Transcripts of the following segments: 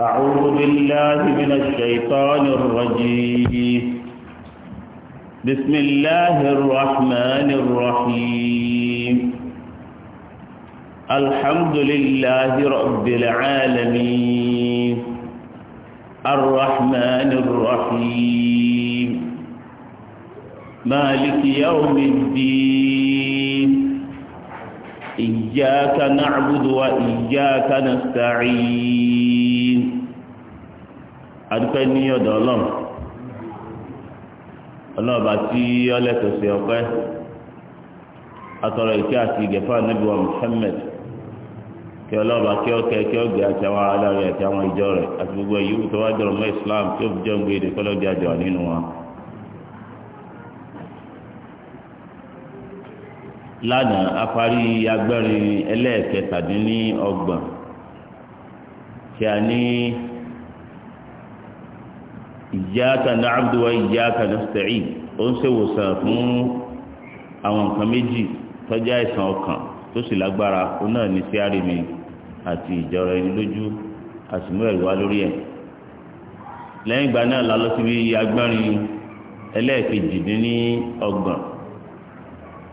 أعوذ بالله من الشيطان الرجيم بسم الله الرحمن الرحيم الحمد لله رب العالمين الرحمن الرحيم مالك يوم الدين إياك نعبد وإياك نستعين adúpẹ́ ní ọ̀dọ̀ ọlọ́run ọlọ́ọ̀bá tí ọlẹ́tọ̀ sí ọpẹ́ atọ̀rọ̀ ìkẹ́ àti ìgẹ̀fà níbi wa Muhammad kí ọlọ́ọ̀bá kí ọkẹ́ kí ọgbẹ́ àti àwọn aláàrẹ àti àwọn ìjọ rẹ̀ àti gbogbo ẹ̀yìn tó Islam tí lánàá afárí agbẹ́rin ẹlẹ́ẹ̀kẹtàdínlọ́gbọ̀n tí a ní iyyaka na'budu wa iyyaka nasta'in ó ń ṣe wòsàn fún àwọn nǹkan méjì tọ́jú àìsàn ọkàn tó sì lágbára ó náà ní sí àrèmí àti ìjọra ẹni lójú àsìmú ẹ̀rí wá lórí ẹ̀ lẹ́yìn ìgbà náà la lọ síbi agbẹ́rin ẹlẹ́ẹ̀kejì dín ní ọgbọ̀n.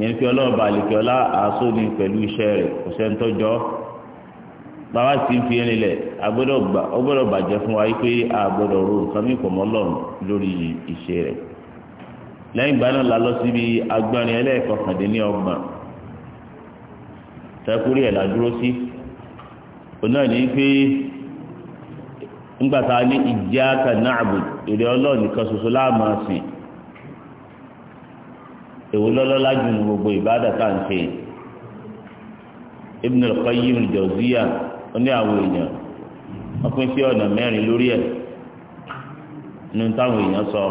yẹn kí ọlọ́ọ̀bà àlìkíọ́lá àásó ni pẹ̀lú iṣẹ́ rẹ̀ kò sẹ́ńtọ́jọ́ bàbá sì ń fi bàjẹ́ fún wa wípé àgbọ́dọ̀ ro nǹkan mí pọ̀mọ́ lọ́rùn lórí iṣẹ́ rẹ̀ lẹ́yìn ìgbà náà la lọ síbi agbọ́nrin ẹlẹ́ẹ̀kọkàndínlọ́gbọ̀n tẹ́kúrí ẹ̀ la dúró sí òun náà ní pé ńgbàtà ní iyyaka na'budu èrè èwo lọ́lọ́lá jù ní gbogbo ìbádà nke ń ṣe Ibn al-Qayyim al-Jawziyya ó ní àwọn èèyàn wọ́n sí ọ̀nà mẹ́rin lórí ẹ̀ táwọn èèyàn sọ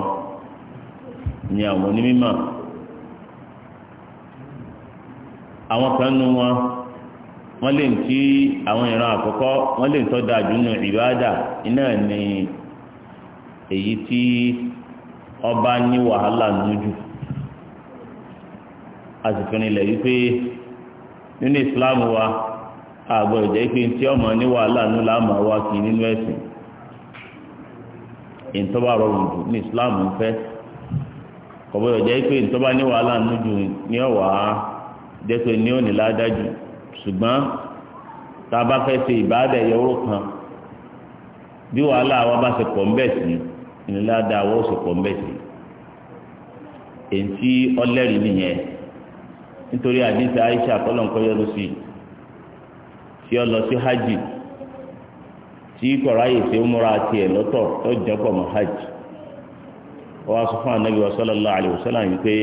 ní àwọn onímọ̀ àwọn kan nu wọn wọ́n lè ti àwọn ìran àkọ́kọ́ wọn lè tọ́ da jù ìbádà iná ní èyí tí ọba ní wàhálà nù àsìkìrin ilẹ̀ yìí pé nínú ìsìláàmù wa àgbọ̀ ìjẹ́ pé tí ọmọ ní wàhálà ní làmà wa kì í nínú ẹ̀sìn ìtọ́ba rọrùn jù ní ìsìláàmù ń fẹ́ kọ̀bọ̀ ìjẹ́ pé ìtọ́ba ní wàhálà ní jù ní ọ̀wà jẹ́pẹ́ ní òní ládájú ṣùgbọ́n tá a bá fẹ́ ṣe ìbáàdẹ̀ yọrọ kan bí wàhálà wa bá ṣe pọ̀ ń sí ìnílá wọ́n ṣe pọ̀ ń sí èyí tí ọlẹ́rìí nìyẹn nítorí àdìsí Aisha kọ́lọ́nkọ́ yọrù sí tí ó lọ sí hajj tí kọ̀ráyè tí ó múra tiẹ̀ lọ́tọ̀ tó jẹ́ pọ̀ mọ́ hajj wọ́n wá sọ fún anabi wa sallallahu alayhi wa sallam yìí pé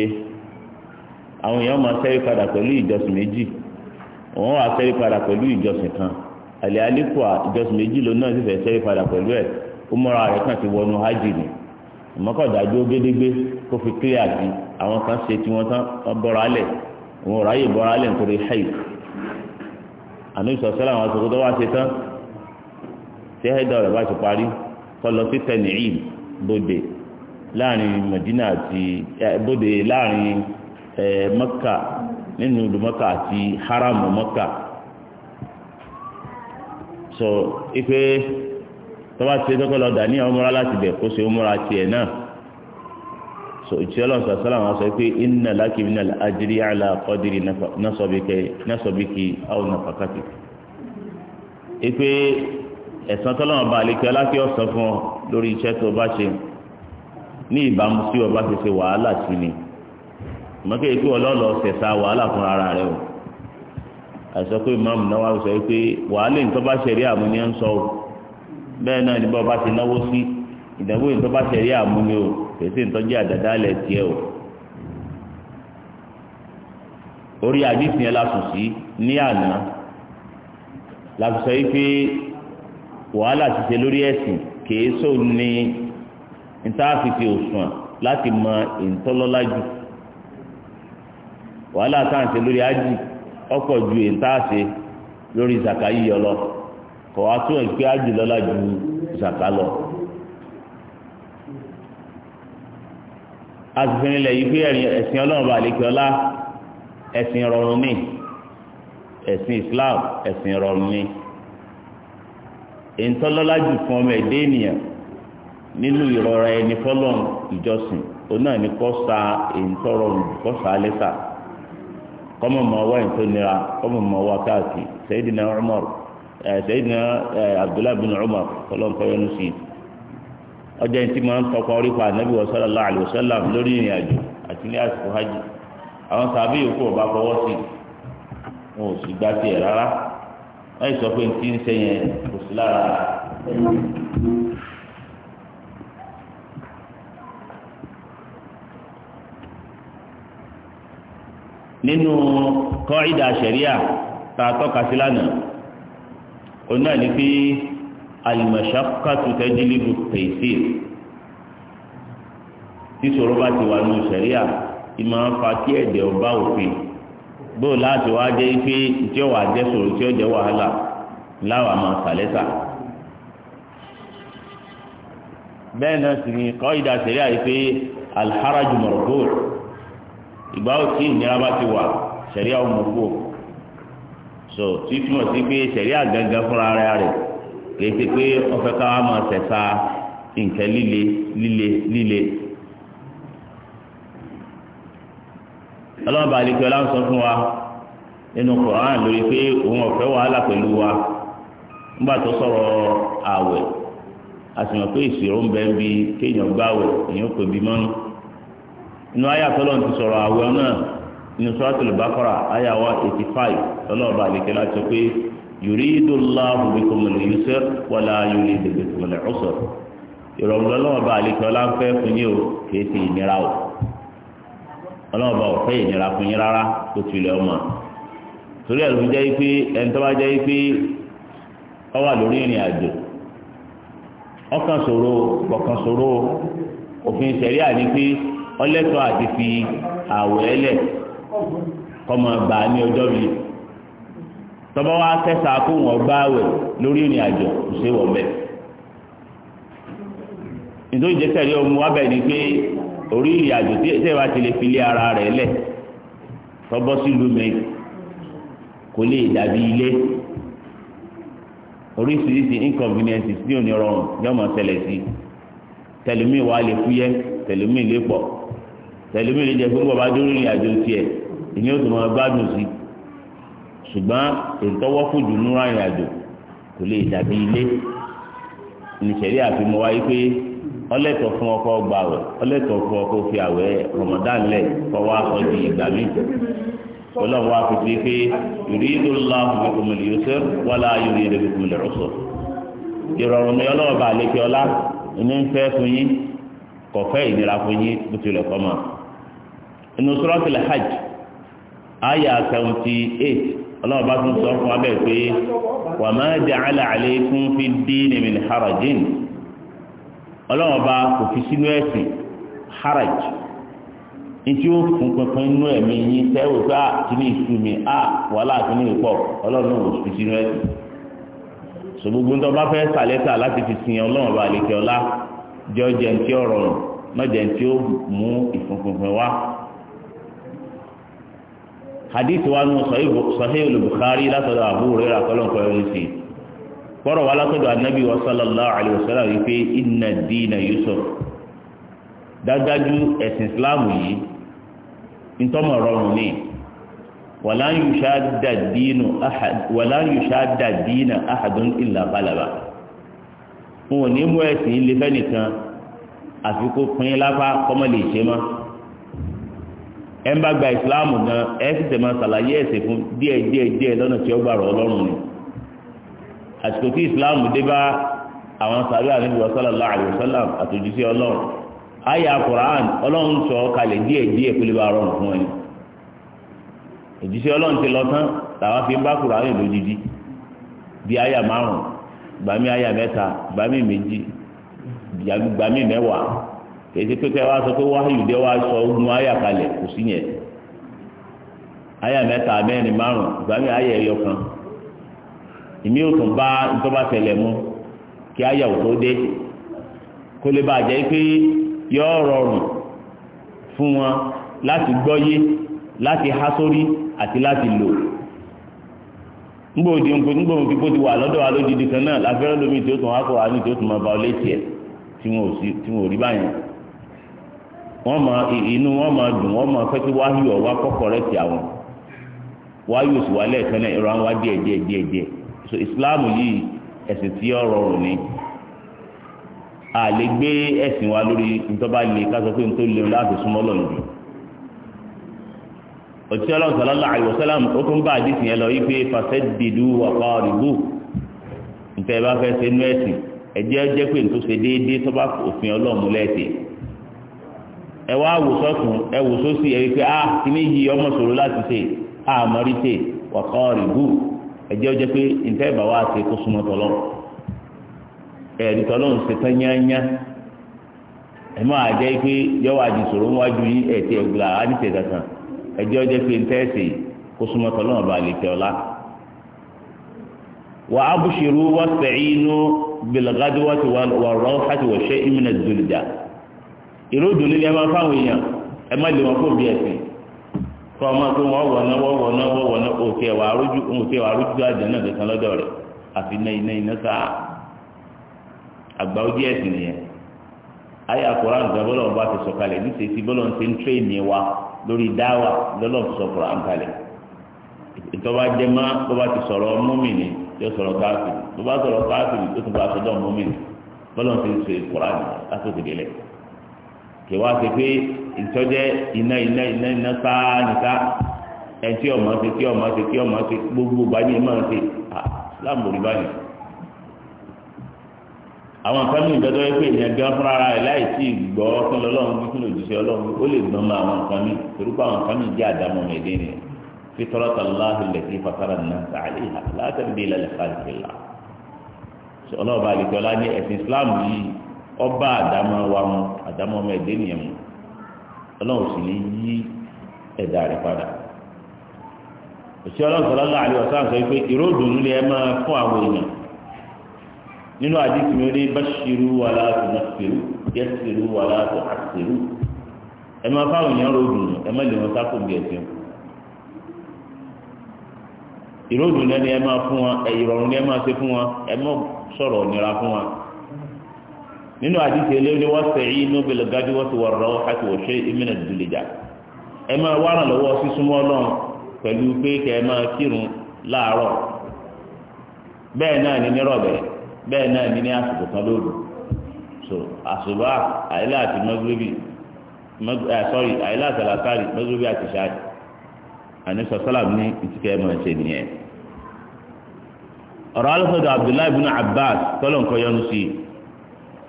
àwọn èèyàn máa sẹ́rí padà pẹ̀lú ìjọsìn méjì wọ́n wá sẹ́rí padà pẹ̀lú ìjọsìn kan àlẹ́ àlékò ìjọsìn méjì lónà sì fẹ́ sẹ́rí padà pẹ̀lú ẹ̀ ó múra rẹ̀ kàn ti wọnú hajj ni àmọ́ ó gédégbé kó fi kílíà sí àwọn kan ṣe tí wọ́n tán wọ́n bọ́ra lẹ̀ òun ráyè bọ́ra lẹ̀ nítorí haid àníṣọ sọ́lá àwọn aṣọ tó wá ṣe tán tí haid ọ̀rẹ́ bá ti parí tó lọ sí tẹ̀nìyìn bòde láàrin Madina àti bòde láàrin Mẹ́kà nínú ìlú Mẹ́kà àti haram Mẹ́kà sọ ife tó bá ṣe tó kọ́ lọ ní ọmọra láti bẹ̀ kó ṣe ọmọra tiẹ̀ náà. so ìtì ọlọ́run sọ sọ́lá wọn sọ pé inna laki minal ajri ala qadri nasabiki aw nafakati ipe ẹ̀sán tọ́lọ́run bá àlekẹ́ ọlákì ọ̀sán fún ọ lórí iṣẹ́ tó bá ṣe ní ìbámu sí ọba ṣe ṣe wàhálà sí ni mọ́kẹ́ ikú ọlọ́lọ́ ṣẹ̀ṣà wàhálà fún ara rẹ o àìsọ pé ìmáàmù náà wà sọ pé wàhálà ìtọ́ bá ṣẹ̀rí àmú ń sọ o bẹ́ẹ̀ náà ní kèsì ntọ́jú àdàdà lẹ̀ tiẹ̀ o orí àdìsí yẹn lásùn sí ní àná lásùsọ yìí pé wàhálà ti ṣe lórí ẹ̀sìn kèésò ní ntaafisi òsùn láti mọ ìntọ́lọ́lájú wàhálà tá à ń ṣe lórí ájì ọ̀pọ̀ ju ìntaase lórí zaka yíyọ lọ kọ̀ wá tún ẹ̀ pé ájì lọ́la ju zaka lọ. asòfin ilẹ̀ yìí pé ẹ̀sìn ọlọ́run bá lè kí ọlá Islam ẹ̀sìn rọrùn ni ìtọ́lọ́lá jù fún ọmọ ẹ̀dẹ́ ènìyàn nínú ìrora ẹni fọlọ́n ìjọsìn òun náà ni kọ́ sa ìtọ́rọrùn lẹ́sà kọ́mọ̀ mọ́ wá kọ́mọ̀ Abdullahi bin Umar fọlọ́n kọ́ ọjọ́ yìí tí mo ń tọpa orí pa ànábì wọ sallallahu alaihi wasallam lórí ìrìn àjò àti ní àsìkò hajj àwọn sàbí yòókù ọba fọwọ́ sí wọn ò sì gbá tiẹ̀ rárá wọ́n yìí sọ pé ntí ń sẹ́yìn kò sí lára. nínú kọ́ ìdá sẹ̀ríà tá a òun náà ní pé al-mashaqqatu tajlibu at-taysir sísòro bá ti wà ní sẹ̀ríà ìmọ̀ afa kí ẹ̀dẹ̀ ọba òfin bó láti wá jẹ́ pé tí ó wà jẹ́ sòrò tí ó jẹ́ wàhálà láwa máa sàlẹ́sà. bẹ́ẹ̀ náà sì ni kọ́ ìdá sẹ̀ríà yìí pé alharaju mọ̀rọ̀kó ìgbà òtí ìnira bá ti wà sẹ̀ríà ọmọkó so títúmọ̀ sí pé sẹ̀ríà gangan fúnra rẹ̀ kìí ṣe pé ọ̀fẹ́ ká wá máa tẹ̀sà nǹkan líle líle líle. ọlọ́ọ̀bà àlejò ọlá ń sọ fún wa nínú Qur'an lórí pé òun ọ̀fẹ́ wàhálà pẹ̀lú wa nígbà tó sọ̀rọ̀ àwẹ̀ àtìmọ̀ pé ìṣirò ń bẹ ń bi kéèyàn gbáwẹ̀ èèyàn kò bí mọ́nú inú ayé àtọ́lọ́ ti sọ̀rọ̀ àwẹ̀ náà inú Suratul Baqara àyà wa eighty five ọlọ́ọ̀bà àlejò ọlá sọ pé yuridu Allahu bikumul yusra wala yuridu bikumul usra ìrọ̀rùn lọ́wọ́ bá àlekè ọlá ń fẹ́ fún yín o kìí ti ìnira o ọlọ́wọ́ bá ò fẹ́ ìnira fún yín rárá tó tilẹ̀ ọmọ torí ẹ̀ ló fi jẹ́ pé ẹni tó bá jẹ́ pé ọ wà lórí ìrìn àjò ọkàn ṣòro ọkàn ṣòro òfin ìṣẹ̀rí àní pé ọlẹ́tọ̀ àti fi àwọ̀ ẹlẹ̀ kọ́mọ gbà ní ọjọ́ bíi tọ́ba wa kẹsà kó wọn gbá wẹ̀ lórí ìrìn àjò kò ṣe wọ̀ mẹ́. nítorí ìjẹsẹ̀rí ọmọ wa bẹ̀ ni pé orí ìrìn àjò tí ẹ̀ bá ti lè fi lé ara rẹ̀ lẹ̀ tọ́bọ́ sílùú mi kò lè dàbí ilé oríṣiríṣi inconveniences ní rọrùn yóò máa ṣẹlẹ̀ sí tẹlumi wa lè fúyẹ́ tẹlumi lè pọ̀ tẹlumi lè jẹ́ pé bàbá dúró ìrìn àjò tiẹ̀ ìní ó tún gbádùn sí i ṣùgbọ́n ìtọ́wọ́ fòjò núra ìrìn àjò kò lè dàbí ilé nìṣẹ̀rí àfihàn wáyé pé ọlẹ́tọ̀ fún ọkọ gbà wẹ̀ ọlẹ́tọ̀ fún ọkọ fi àwẹ̀ Ramadan lẹ̀ kọ́ wá sọ di ìgbà mi ọlọ́run wá fi pé yuridu Allahu bikum al-yusra wala yuridu bikum al-usra ìrọ̀rùn mi ọlọ́run bá lè fi ọlá ní ń fẹ́ fún yín kò fẹ́ ìnira fún yín bó tilẹ̀ kọ́ mọ́ inú Suratul seventy eight ọlọ́run bá tún sọ fún wa bẹ́ẹ̀ pé wa ma ja'ala alaykum fid din min harajin ọlọ́run bá kò fi sínú ẹ̀sìn haraj ntí ó fún pínpín inú ẹ̀mí yín sẹ́wọ̀n pé a ah, kì ní ìsú mi a ah, wàhálà kì ní ìpọ̀ ọlọ́run náà kò fi sínú ẹ̀sìn sọ gbogbo ń tọ́ bá fẹ́ sàlẹ́sà láti fi sin ọlọ́run bá àlekẹ́ ọlá jẹ́ ọjẹ́ ntí ọ̀rọ̀ náà jẹ́ ntí ó mú ìfúnpínpín wá hadith wa nù sahih al-bukhari látọ̀dọ̀ abu rẹ́rà kọ́lọ́nkọ́ ẹ̀rí sí kọ́rọ̀ wa látọ̀dọ̀ anabi wa sallallahu alayhi wa sallam wípé inna dina yusuf dájájú ẹ̀sìn islam yìí ntọ́mọ̀ rọrùn ní walan yushadda dinu ahad walan yushadda dina ahadun illa ghalaba wọn ò ní mú ẹ̀sìn ilé fẹ́nìkan àfikún pín lápá kọ́mọ lè ṣe máa. ẹ ń bá gba ìsìláàmù gan ẹ sì tẹ̀ máa ṣàlàyé ẹ̀sìn fún díẹ̀ díẹ̀ díẹ̀ lọ́nà tí ó gbà ọlọ́run ni àsìkò tí ìsìláàmù dé bá àwọn sàbẹ́ àníbi wàsálà láàrin wàsálà àtòjúsí ọlọ́run àyà Qur'an ọlọ́run sọ kalẹ̀ díẹ̀ díẹ̀ kó lè bá rọrùn fún ẹni òjíṣẹ́ ọlọ́run ti lọ tán làwọn fi ń bá Qur'an lójijì bí àyà márùn gbàmí mẹ́ta kèsì pépé wa sọ pé wáyù dé wa sọ ogun ayà kalẹ̀ kò sí yẹn ayà mẹ́ta mẹ́rin márùn ìgbàmí ayà ẹ̀yọ kan ìmí ò tún bá ntọ́ba tẹ̀lẹ̀ mu kí ayà ò tó dé kó lè bàjẹ́ pé yọ rọrùn fún wọn láti gbọ́yé láti há sórí àti láti lò ngbòdì ngbòdì kó ti wà lọ́dọ̀ wa lójijì kan náà láfẹ́rẹ́ lómi tí ó tún wá kó wa ní tí ó tún máa ba ọ létí ẹ̀ tí wọn ò rí báyìí. wọn ma inú wọ́n ma dùn wọ́n máa fẹ́ kí wáyù ọ̀wá ti àwọn wáyù sì wà lẹ́ẹ̀kan náà ìrọ̀ àwọn Islam yìí ẹ̀sìn tí ó rọrùn ni a lè gbé ẹ̀sìn wa lórí ntọ́ba lè ká sọ pé ntọ́ lè láti súnmọ́ lọ́nà jù ẹ wá wò sọ́tún ẹ wò sósì ẹ rí pé ah kíní yìí ọmọ sòrò láti ṣe ah mọ́rí ṣe wọ̀kọ́ rìbú ẹ jẹ́ ó jẹ́ pé ntẹ́ ìbá wa ṣe kó súnmọ́ tọ́lọ́ ẹ̀rí tọ́lọ́ ń ṣe tán yányá ẹ máa pé yọ́wọ́ àdìsòrò wájú yín ẹ̀ tí ẹ gbà á ní pé ntẹ́ ṣe kó súnmọ́ tọ́lọ́ ọba lè tẹ ọlá wà á bùṣirú wọ́n sẹ̀yìn inú bìlgádùwọ́sì wà rọ́ọ̀ṣàtì ìró niile ni ẹ máa fáwọn èèyàn ẹ má lè wọn kó bí ẹsìn kọ ọmọ pé wọn wọ wọn wọ wọn wọ òkè ẹwà arójú òkè ẹwà arójú àjẹ náà kankan lọ́dọ̀ rẹ̀ àfi iná iná iná sáà àgbà ojú ẹsìn nìyẹn ayé àkùrá nǹkan bọ́lá ọba ti ní bọ́lá ń wa lórí dáwà lọ́lọ́ ti ìtọ́ba jẹ́ má bá ti sọ̀rọ̀ mọ́mìnì yóò sọ̀rọ̀ bá sọ̀rọ̀ tún bá mọ́mìnì bọ́lá ń ń kùrá nìyẹn kẹwàá ṣe pé ìtọ́jẹ́ iná iná iná iná sáá nìka ẹ tí ọmọ ṣe tí ọmọ ṣe tí ọmọ ṣe gbogbo bá ní ìmọ̀ ṣe Islam ò rí báyìí àwọn nǹkan mìíràn gbẹdọ pé èèyàn gan fúnra ara rẹ̀ láì sí ìgbọ́ fún Ọlọ́run bí fún òjíṣẹ́ Ọlọ́run ó lè gbọ́n mọ àwọn nǹkan mi torúkọ àwọn nǹkan mi jẹ́ àdámọ́ mẹ́ẹ̀dẹ́ ni fitrata Allahi allati fatara an-nasa 'alayha la Islam yìí ọba àdámọ́ wa mu àdámọ́ ọmọ ẹ̀dẹ́ nìyẹn mu ọlọ́run sì ní yí ẹ̀dá rẹ̀ padà òsì ọlọ́run sallallahu alaihi wasallam pé ìró ìdùnnú lè máa fún àwọn èèyàn nínú àdìsí mi ní bashiru wala tunfiru yasiru wala tu'assiru ẹ máa fáwọn èèyàn ro ẹ má lè wọn sáfò bí ẹsẹ̀ ìró ìdùnnú ni ẹ máa fún wọn ìrọ̀rùn ni ẹ máa ṣe fún wọn ẹ má sọ̀rọ̀ nira fún wọn. nínú àdìsí eléyìí wọ́n sẹ̀yìn inú bẹ̀lẹ̀ gájú wọ́n ti wọ̀ rọ́ àti wọ́n ṣe ìmìnà ìdúlẹ̀jà ẹ máa wá ràn lọ́wọ́ sísúnmọ́ ọlọ́run pẹ̀lú pé kẹ́ ẹ máa kírun láàárọ̀ bẹ́ẹ̀ náà ní nírọ̀bẹ̀ bẹ́ẹ̀ náà ní ní àsìkò kan lóru so àsùbá àyílá àti mọ́gíríbì eh, sọ́rí àyílá àti àlàkárì mọ́gíríbì àti ṣáàdì àníṣọ sálàm ní ìtìkẹ́ máa ṣe nìyẹn Abdullahi ibn Abbas tọ́lọ̀ nǹkan yọnu sí i.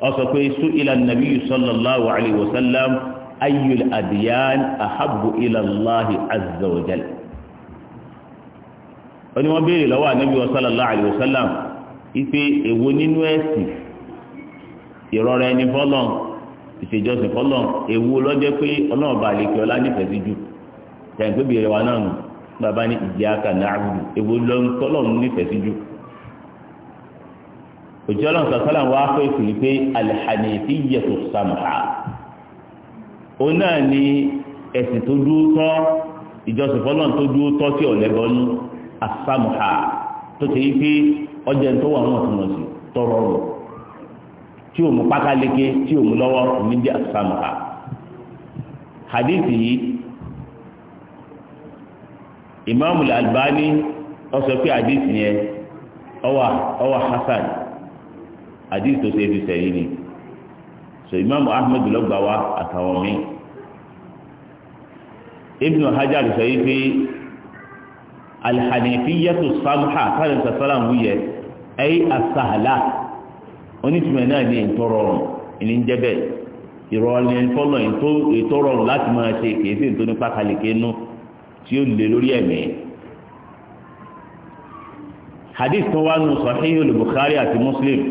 ọsọ pé su'ila an-nabiyyu sallallahu alayhi wa sallam ayyul adiyan ahabbu ila Allahi azza wa jal ó ní wọ́n béèrè lọ́wọ́ anabi sallallahu alayhi wa sallam ife èwo nínú ẹ̀sìn ìrọ̀rọ̀ ẹni fọlọ́n ìṣèjọsìn fọlọ́n èwo lọ́jọ́ pé ọlọ́run bá lè kí ọlá nífẹ̀ẹ́ sí jù tẹ̀gbẹ́ bèrè wa náà nù bàbá ní iyyaka na'budu èwo lọ́n tọ́lọ́run nífẹ̀ẹ́ sí jù òjì ọlọ́run sọ̀sọ́là wá pé kìí pé alìhànìfì yẹtù sàmùhà òun náà ni ẹ̀sìn tó dúró tọ́ ìjọsìn fọlọ́run tó dúró tọ́ sí ọ̀lẹ́gbọ́nú àsàmùhà tó ti yí pé ọjà tó wà wọ́n túnmọ̀ sí tọrọ rọ̀ tí o mú pákáleke tí o mú lọ́wọ́ ní àsàmùhà hadithi yìí imaamu albani ó pé hadithi yẹn ó wà hasan àdìs tó ṣe fi sẹ́yìn ni so imam ahmed lọ́gbà wa àtàwọn mi ibn hajar sọ yìí pé alhanifiyatu samha kálí sàlám wúyẹ ẹyí asahala onítùmọ̀ náà ní ìtọ́rọrùn ìní ń jẹ́bẹ̀ ìrọ̀lẹ́ ìfọ́lọ̀ ìtọ́rọrùn láti máa ṣe kìí sí ìtọ́ni pákàlẹ́kẹ́ nú tí ó lè lórí ẹ̀mí hadith tó wá nù sahih al àti muslim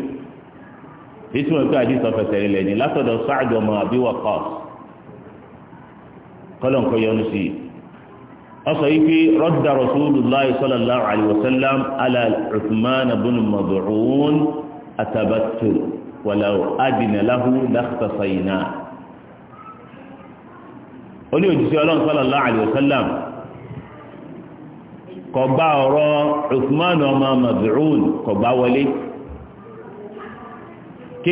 ètò ìwọ̀n tó àdìsọ fẹsẹ̀ rinlẹ̀ ní látọ̀dọ̀ Sa'd ọmọ Abi Waqqas kọ́lọ̀ nǹkan yọnu sí i wọ́n sọ yìí pé radda Rasulullahi sallallahu alayhi wa sallam ala Uthman ibn Mad'un atabattul walau adina lahu lakhtasayna ó ní ọlọ́run sallallahu alayhi wa sallam bá ọ̀rọ̀ Uthman ọmọ Mad'un kọ̀ bá wọlé.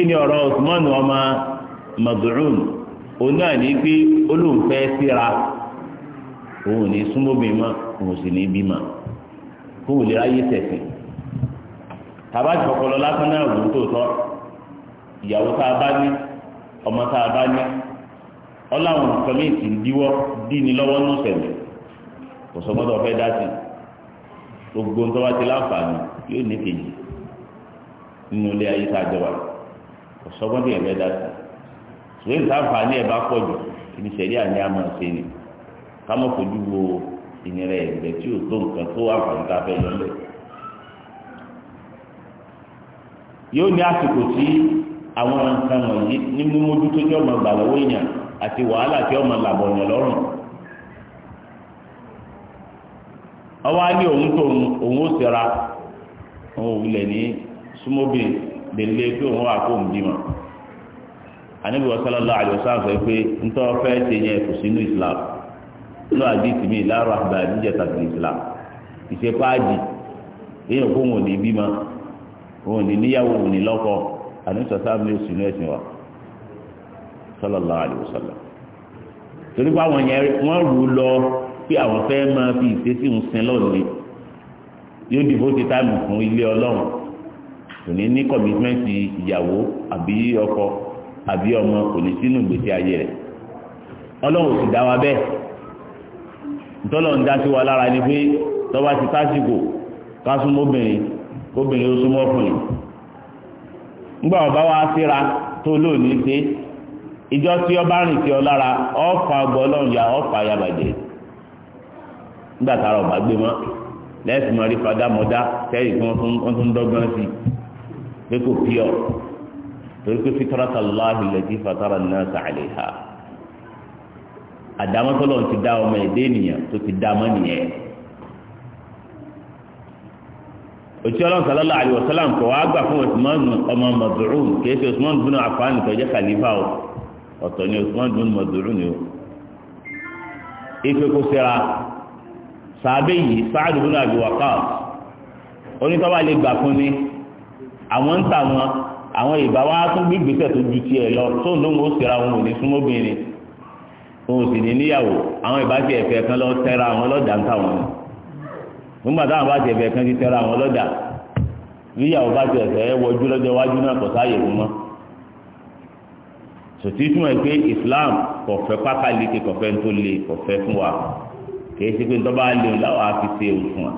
kí ọ̀rọ̀ Usman ọmọ Maz'un oní náà ní pé olóhùn síra òun ní súnmọ́bìnrin mọ́ òun sì ní bímọ kóun lè ráyè tẹ̀sìn tàbá ìfọkọlọ lásán náà wò ó ìyàwó tá a bá ọmọ tá a bá ní ọláwọn nǹkan ti ń díwọ́ díni lọ́wọ́ ní kò sọ gbọ́dọ̀ fẹ́ dá sí gbogbo nǹkan bá ti láǹfààní yóò ní kò sọ́gbọ́n tí ẹ̀fẹ́ dá sí pọ̀ jù sẹ̀rí àní àmọ́ ṣe ni ká fojú wo ìnira ẹ̀gbẹ́ tí ò tó nǹkan tó àǹfààní ká fẹ́ yóò ní àsìkò tí àwọn nǹkan wọ̀nyí ní mímójú tó jẹ́ ọmọ èèyàn àti wàhálà tí ọmọ làbọ̀ lọ́rùn ọwọ́ á ní òun tó òun délé pé òun wà kó òun bímọ anabi sallallahu alaihi wasallam sọ pé ntọ́ fẹ́ ṣe yẹn kò sínú islam lọ àdìsí mi láàrọ̀ àgbà níjẹ̀ tàbí islam ìṣepáàdì èèyàn kó wọn ò ní bímọ wọn ò ní níyàwó wọn ò ní lọ́kọ àdìsí mi ò sínú wa torí pé àwọn yẹn wọn rú lọ pé àwọn fẹ́ máa fi ìṣesí ń sin lọ́ọ̀ni yóò dìbò ti táàmù fún ilé kò ní ní kọ̀mítímẹ́ǹtì ìyàwó àbí ọkọ àbí ọmọ kò ní sínú ìgbésí ayé rẹ̀ ọlọ́run sì dá wa bẹ́ẹ̀ ntọ́lọ́run dá sí wa lára ni pé tọ́ba ti tásìkò ká obìnrin obìnrin ó ọkùnrin ọgbọ ya ọba gbé rí fadá tí pé kò pure torí pé fitrata allah lẹ́dí fatara náà sàlẹ̀ ha àdámọ́tọ́lọ́ ti dá ọmọ ẹ̀dẹ́ ènìyàn tó ti dá mọ́ nìyẹn òtí ọlọ́run sàlọ́lá àlùwọ̀sálà ń kọ́ wá gbà fún Usman ọmọ Maz'un kìí ṣe Usman bin Affan tó jẹ́ khalifa o ọ̀tọ̀ ni Usman bin Maz'un ni o ife kó sera sàbẹ̀ yìí Sa'd bin lè gbà fún ni àwọn ń tà wọn àwọn ìbá wa tún gbé ìgbésẹ̀ tó ju tiẹ̀ lọ tó ń lóun ó sera wọn ò ní súnmọ́bìnrin wọn ò sì ní níyàwó àwọn ìbá tiẹ̀ fẹ́ kan lọ tẹ́ra àwọn ọlọ́dà ń tà wọn nígbà táwọn bá tiẹ̀ fẹ́ kan ti tẹ́ra àwọn ọlọ́dà níyàwó bá tiẹ̀ fẹ́ wọjú lọ́jọ́ iwájú náà kò sáàyè fún mọ́ sòtí túmọ̀ pé Islam kò fẹ́ pákàlíkì kò fẹ́ tó le kò fẹ́ fún wa kì í ṣe pé ní tọ́ bá lè láwọn afi ṣe òfin wa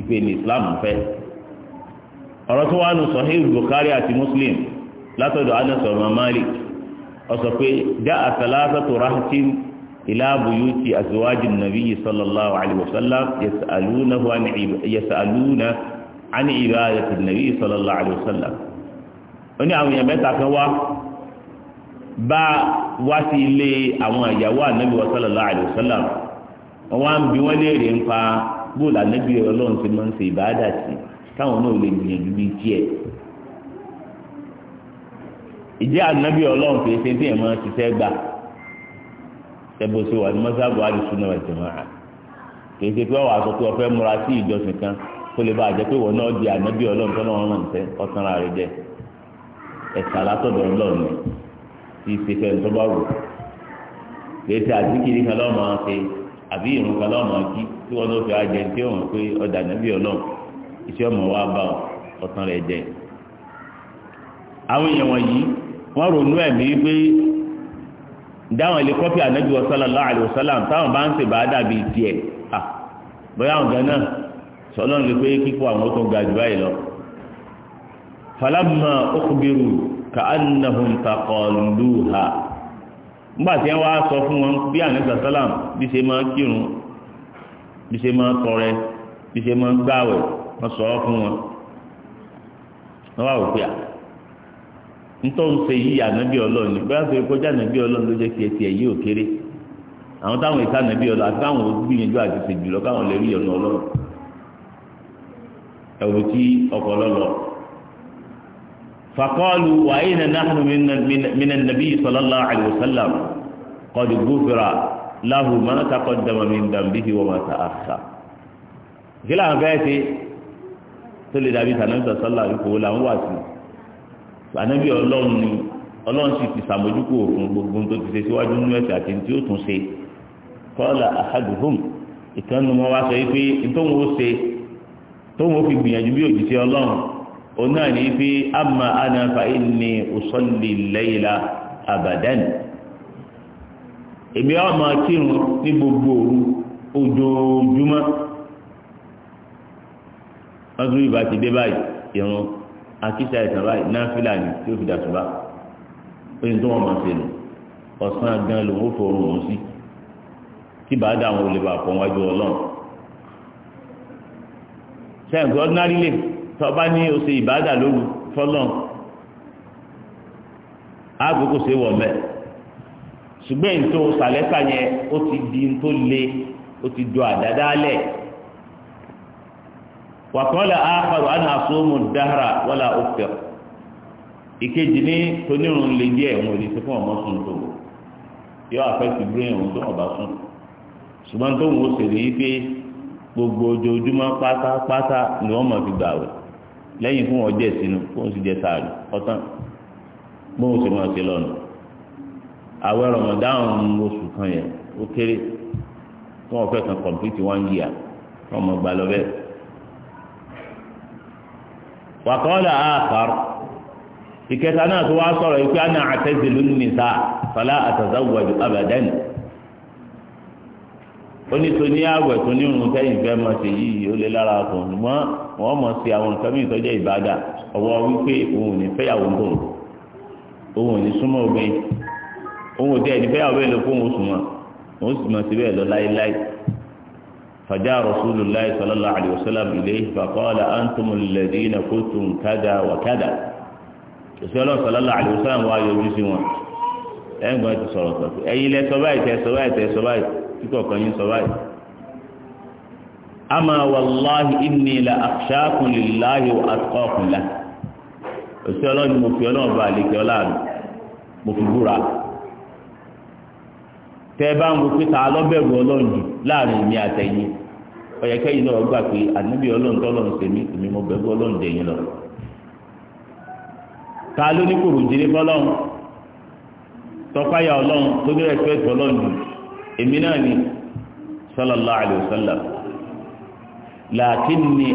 ìpè ní Islam fẹ́ ọ̀rọ̀ tó wà nù sahih bukhari àti muslim látọ̀dọ̀ anas ọ̀rọ̀ malik ọ̀sọ̀ pé dá àtàlásà tó ráhàtì ila buyuti azwajin nabiyyi sallallahu alaihi wasallam yas'alunahu an yas'aluna an ibadati nabiyyi sallallahu alaihi wasallam ó ní àwọn èèyàn mẹ́ta kan wá bá wá sí ilé wọ́n wá ń bi wọ́n léèrè ń pa bóòlù ànábì ọlọ́run ti máa ń ṣe ìbáàdà sí táwọn náà lè gbìyànjú bíi ànábì ṣe ẹ̀ máa ṣiṣẹ́ gbà ṣẹ́bó ṣe wà ní mọ́sáàbù àdìsúná ẹ̀jẹ̀ máa kìí ṣe pé múra sí ìjọsìn kan kó lè bá àjẹ́ pé náà di ànábì ọlọ́run tó náà ràn rẹ̀ ṣe tó bá wù àdìkiri kan máa ṣe àbí ìrùn kan máa kí tí náà fi ìṣe ọmọ wa bá ọ ọ̀tàn rẹ̀ jẹ. àwọn èèyàn wọ̀nyí wọ́n ronú ẹ̀mí pé dáwọn ilé kọ́fì ànábì sallallahu alaihi wasallam táwọn bá ń ṣe bá dàbí tiẹ̀ à bóyá àwọn gan náà sọ lè pé kíkọ́ àwọn tó ga jù báyìí lọ. falamma ukhbiru ka'annahum sọ fún wọn bí bí ṣe máa kírun bí ṣe máa tọrẹ bí ṣe máa wọ́n sọ ọ́ fún wọn wọ́n wá òkè à ntọ́hún yí ànábì ọlọ́run ní bóyá sọ̀rọ̀ kọjá ànábì ọlọ́run ló jẹ́ kí ẹtì ẹ̀yí òkèrè àwọn táwọn ìka ànábì ọlọ́run àti táwọn gbìyànjú àti ṣe jùlọ káwọn lè rí ọ̀nà ọlọ́run ẹ̀wù tí ọkọ̀ lọ́lọ́ wàyí tó lè dàbí sànàbí sọlá ìkòwò làwọn wà sí sànàbí ọlọ́run ni ọlọ́run sì ti sàmójúkò òfin gbogbo tó ti ṣe síwájú nínú ẹ̀sẹ̀ àti tí ó tún ṣe kọ́ọ̀là àhàdùhùn ìkànnì wọn wá sọ pé tóun ó ṣe tóun ó fi gbìyànjú bí òjìṣẹ́ ọlọ́run òun náà ní pé àmà ànàfà ìní òsọ́lì lẹ́yìnlá àbàdàn èmi ọmọ kírun ní gbogbo òru ojoojúmọ́ mọ́tòrí ìbá ti dé báyìí ìrún akíṣà ìtàn báyìí náfìlà ni tí ó fi dàtú bá ó ní tó wọn máa ṣe nù ọ̀sán gan ló ń fòrùn òun sí tí bá dà wọn ò lè bà pọ̀ wájú ọlọ́run sẹ́ǹtì ordinary lè tọ́ba ní o ṣe ìbádà lóru fọ́lọ́n àgókò ṣe wọ̀ mẹ́ ṣùgbọ́n ètò sàlẹ́sà yẹn ó ti di tó le ó ti do àdádálẹ̀ wàkọ́lá àkàrò àná àsomù dáhàrà wọ́lá òfẹ́ ìkejì ní tonírun lè jẹ́ ẹ̀wọ̀n òdì sí fún ọmọ sùn tó yọ àfẹ́sì brain òun tó ọba sùn ṣùgbọ́n tó wọ́n ṣe lè yí pé gbogbo ojoojúmọ́ pátápátá ni wọ́n mọ̀ fi gbà wẹ̀ lẹ́yìn fún wọn jẹ́ sínú fún oṣù jẹ́ sáàlù ọ̀tán bóun ṣe máa ṣe lọ́nu àwẹ̀ rọ̀mọ̀dáhùn oṣù kan yẹn ó kéré wọ́n fẹ́ kan complete one year wọ́n mọ̀ gbà lọ bẹ́ẹ̀ wàkọ́lá àkàrọ̀ ìkẹta náà tó wá sọ̀rọ̀ ìpé àná àtẹ́sílù nìta fàlà àtàzáwàjù abadan onítoní àwẹ̀ tó ní irun tẹ́yìn fẹ́ mọ̀ sí yìí ó lé lára tó mọ́ wọ́n mọ̀ sí àwọn nǹkan bí ìtọ́jẹ́ ìbádà ọwọ́ wípé òun ní fẹ́yàwó tó òun ní súnmọ́ obìnrin òun ò tẹ́ ẹni fẹ́yàwó bẹ́ẹ̀ lọ fóun oṣù mọ́ òun sì mọ̀ síbẹ̀ lọ láéláé فجاء رسول الله صلى الله عليه وسلم إليه فقال أنتم الذين كنتم كذا وكذا ìṣẹ́lọ́ sọ̀lọ́lá àlùsàn wa yọ ojú sí wọn ẹ̀gbọ́n ti sọ̀rọ̀ sọ̀tù ẹ̀yin ilẹ̀ sọ báyìí tẹ sọ báyìí tẹ sọ báyìí kíkọ̀ kan yín sọ báyìí. ama wàláhi inni la akhshakum lillahi wa atqakum la ìṣẹ́lọ́ ni mo fi ọlọ́ọ̀bà àlèkè ọlá mi mo fi búra tẹ́ bá ń wo pé ta lọ́bẹ̀rù ọlọ́run jù láàrin èmi àtẹ̀yìn ọ̀yẹ́kẹ́yìn náà gbà pé ànábì ọlọ́run tọ́lọ́run sèmi èmi mo bẹ̀rù ọlọ́run dẹ̀yìn lọ. ta ló ní kòrò jírí bọ́lọ́run tọ́páyà ọlọ́run tó ní respect ọlọ́run jù èmi náà ni sallallahu alayhi wa sallam làkínní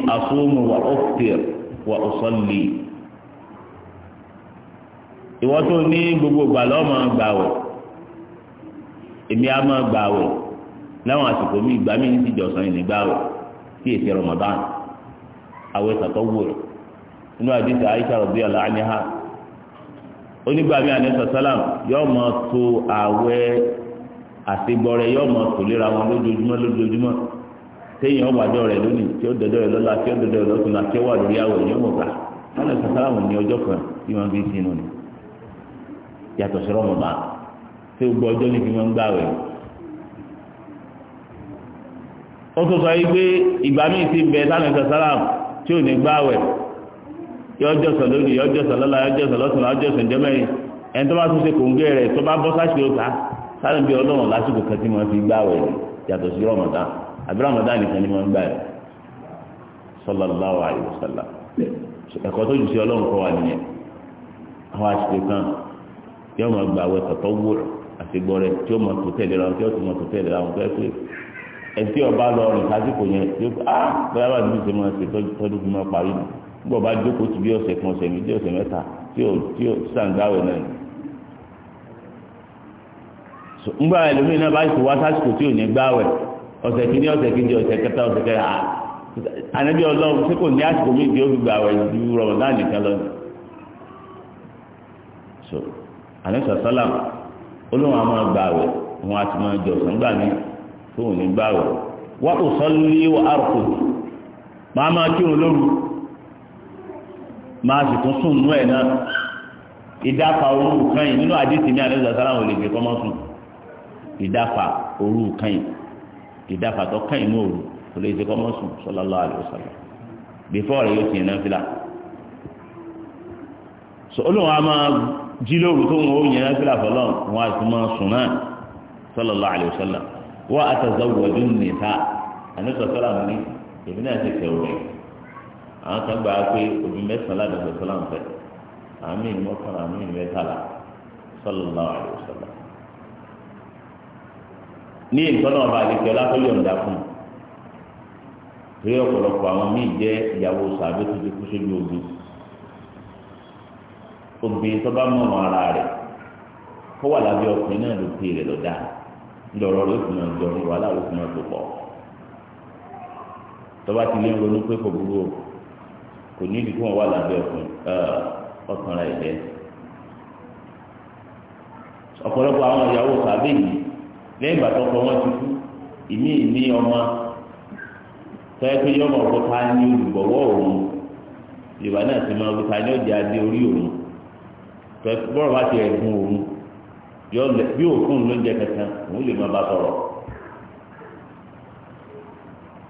wà ọ́fìtìr wà ọ̀sọ́lì ìwọ́n ní gbogbo gbà èmi a máa gbà wẹ̀ láwọn àsìkò mi ìgbà mi ti jọ ìní gbà wẹ̀ kí èsì Ramadan àwẹ̀ sàtọ́ wò inú àdìsí Aisha radiyallahu anha onígbà mi àní sàsálàm yóò máa yóò máa wọn téèyàn lónìí tí ó tí ó lórí yóò gbà ní kan fi yàtọ̀ o gbogbo ọjọ́ ní fi máa ń gbà wẹ̀. ó tó sọ yìí pé ìgbà míì ti bẹ sálẹ̀ sàlám tí ò ní gbà wẹ̀ yọjọ́ sọ lónìí yọjọ́ sọ lọ́la yọjọ́ sọ lọ́sùn yọjọ́ sọ ìjọ mẹ́rin ẹni tó bá tún ṣe kòǹgẹ́ rẹ̀ tó bá bọ́ sáṣì ọ̀tá sálẹ̀ bí ọlọ́run lásìkò kan tí wọ́n fi gbà wẹ̀ yàtọ̀ sí rọ̀mọ̀dán àbí rọ̀mọ̀dán nìkan ni wọ́n gbà wẹ̀ sallallahu alaihi wasallam ẹ̀kọ́ tó jù sí ọlọ́run kọ́ wa nìyẹn àwọn àṣìṣe kan yọ̀ọ́ máa gbà wẹ̀ tọ̀tọ̀ wúrọ̀ àṣegbọ́ rẹ̀ tí ó mọ̀ tó tẹ̀lé ra wọn tí ó tún mọ̀ tó tẹ̀lé ra wọn pẹ́ pé ẹtí ọba lọ rìn lásìkò yẹn tí ó pé ah bóyá bá dúró ṣe máa ṣe tọ́jú fi máa parí nù gbọ́ bá jókòó ti bí ọ̀sẹ̀ kan ọ̀sẹ̀ méjì ọ̀sẹ̀ mẹ́ta tí ó tí ó sàǹgáwẹ̀ náà ńgbà ẹlòmíín náà bá ti wá sásìkò tí ò ní gbáwẹ̀ ọ̀sẹ̀ kìíní ọ̀sẹ̀ kejì ọ̀sẹ̀ kẹta ọ̀sẹ̀ kẹta ah, ànábì ọlọ́run tí kò ní àsìkò méjì ó fi gbàwẹ̀ ju rọ̀mọ̀dá nìkan lọ. àlẹ́ olóhùn àwọn máa gbà wẹ̀ wọn àti máa jọ sọ́ngbà mi tóun ní gbà wẹ̀ wọ́n kò sọ lé wọ́n àrùkò máa máa kírun lóru máa sì tún sùn nú ẹ̀ náà ìdápa òru kan yìí nínú àdìsí ní alẹ́ ìdásálà wọn lè fi kọ́ mọ́ sùn ìdápa òru kan yìí tó kan yìí òru kò lè fi kọ́ mọ́ sùn sallallahu alaihi wasallam bífọ́ yóò ti yẹn náà fi là so olóhùn àwọn máa jí lóru tó wọn ó yẹn náfìlà fọlọ́ wọn àti máa sùn náà sallallahu alaihi wasallam wa atazawwaju nisa àníṣọ sọlá mi ní èmi náà ti fẹ́ òwe àwọn kan gbà pé òbí mẹ́sàn-án ládàá sọlá ń fẹ́ àmì ìmọ̀kànlá àmì ìmẹ́tàlá sallallahu alaihi wasallam ní ìtọ́nà ọba àdìsí ọlákọ́lé ọ̀dà fún torí ọ̀pọ̀lọpọ̀ àwọn míì obìnrin tó bá mọ̀mọ́ ara rẹ̀ kó wà lábẹ́ ọkùnrin náà ló pè rẹ̀ lọ́dà ńlọrọ̀ ló fi máa ń jọrọ wàhálà ló fi máa tó ti lé ń ronú pé kò burú o kò ní ìdíkùn wà ọkùnrin ọkàn àwọn ìyàwó tàbí yìí ìgbà wọn ti kú bọ́ọ̀rọ̀ bá ti ẹ̀gbọ́n òun yọ lẹ bí òkun ló ń jẹ kankan òun lè má ba sọ̀rọ̀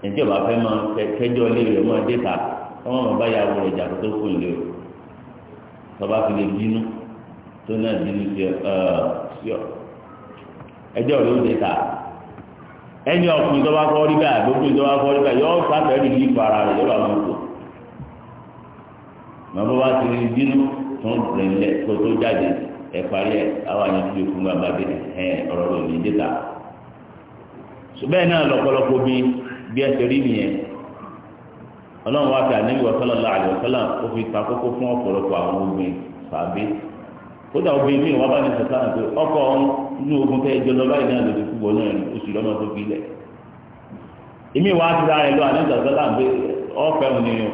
ẹ̀jẹ̀ bá fẹ́ máa kẹjọ lé rẹ̀ mọ́ déta ọmọ mọ̀ bá yàwó rẹ̀ jà kó tó fún ilé o tọba fi lè bínú tó náà bínú sí ọ ẹjọ́ ló déta ẹni ọkùnrin tó bá kọ́ rí báyìí àgbókùnrin tó bá kọ́ rí báyìí yọ sáfẹ́ rí ní ìfara rẹ̀ yọ̀rọ̀ àwọn ọkọ̀ mọ̀ bá ti rí bínú. fún ìrìnlẹ̀ tó tó jáde ẹ̀ parí ẹ̀ àwọn àyàn tó fún bàbá dé ẹ̀ ọ̀rọ̀ rẹ̀ ní dẹ́ta. ṣùgbọ́n náà lọ́pọ̀lọpọ̀ bí bí ẹ ṣe rí nìyẹn ó fi ta kókó fún àwọn obìnrin fàbí kódà obìnrin mi bá ní inú ogun lọ báyìí náà lòdì oṣù tó fi èmi ti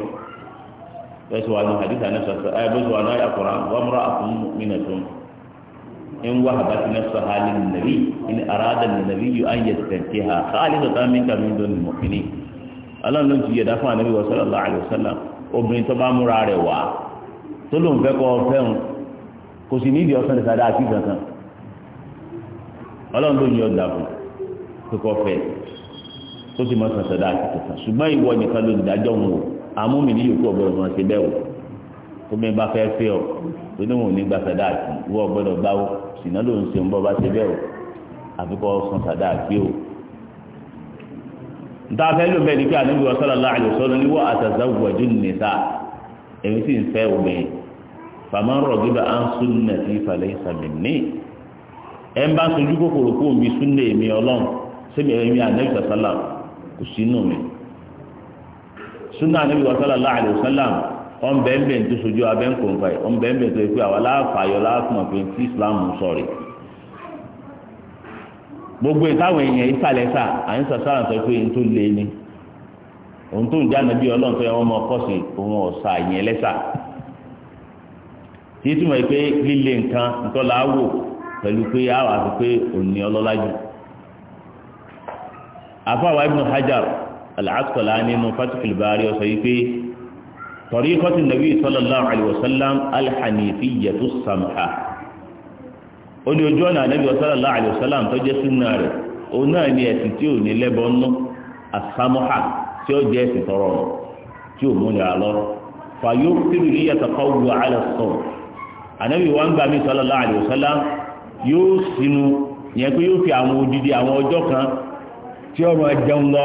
bẹ́ẹ̀ sọ wà ní hadith àná sọ ẹ bẹ́ẹ̀ sọ wà ní àkùrá wọ́n múra àkùn mí nà tó in wà hàbá ti nà sọ hali nàbí in arada nàbí yóò an yẹ tẹ̀tẹ̀ ha sáàlì tó tá mi kà mí dọ̀ ní mọ̀kìnì aláwọn ló ń ti yẹ dáfà nàbí wa sallallahu alayhi wa sallam obìnrin tó bá múra rẹ̀ wá tó ló ń fẹ́ kọ́ fẹ́ kò sì ní ìdí ọ̀sán ní sáré àti kankan ọlọ́run ló ń yọ kíkọ́ fẹ́ tó ti mọ̀ sàn sàdá àti kankan ṣùgbọ́n ìwọ amúmi ní yòókù ọ̀gbọ́dọ̀ máa ṣe bẹ́ẹ̀ o tó bí wọn bá fẹ́ fẹ́ ọ tó ní wọn ò ní gba sàdáàkì wọ́n ọ̀gbọ́dọ̀ gbá o ṣìnà ló ń ṣe ń bọ́ bá ṣe bẹ́ẹ̀ o àfikọ́ san sàdáàkì o. nta fẹ́ ló bẹ́ẹ̀ ni pé àníbi wa sallallahu alaihi wasallam ní wọ́n àtàzáwùwájú nìta èmi sì ń fẹ́ obìnrin fàmọ́ rọ̀ gbígbà á ń sún nà sí ìfàlẹ́ ìsàmìnì ẹ̀ ń bá sojú kòkòrò kó omi sún súnà níbi wàsálà láàrin ìsálàm wọn bẹ́ẹ̀ bẹ́ẹ̀ tó sojú abẹ́ ń kọ̀ǹfà yìí wọn bẹ́ẹ̀ bẹ́ẹ̀ tó islam gbogbo ìtàwọn èèyàn ìsàlẹ̀ sà àyìn sàṣàràn sọ pé ohun tó ohun tó ń já nàbí ọlọ́run tó yẹ mọ tí túmọ̀ pé líle nǹkan wò pẹ̀lú pé àwọn àti pé òní ọlọ́lá jù hajar alàkọ̀lá nínú fatikul bari ọ̀sọ̀ yìí pé tariqatu nàbí sallallahu alaihi wasallam alhanifiyyatu samha ó ní ojú ọ̀nà nàbí sallallahu alaihi wasallam tó jẹ́ súnà rẹ̀ òun náà ní ẹ̀sìn tí ò ní lẹ́bọ̀ nú asamuha tí ó jẹ́ ẹ̀sìn tọrọ tí ò múni àlọ́ fàyó kiri ní yàtọ̀kọ́wù alẹ́sọ̀ ànábì wa ń gbà mí sallallahu alaihi wasallam yóò sinú yẹn pé yóò fi àwọn odidi àwọn ọjọ́ kan tí ọ̀rọ̀ ẹ̀jẹun lọ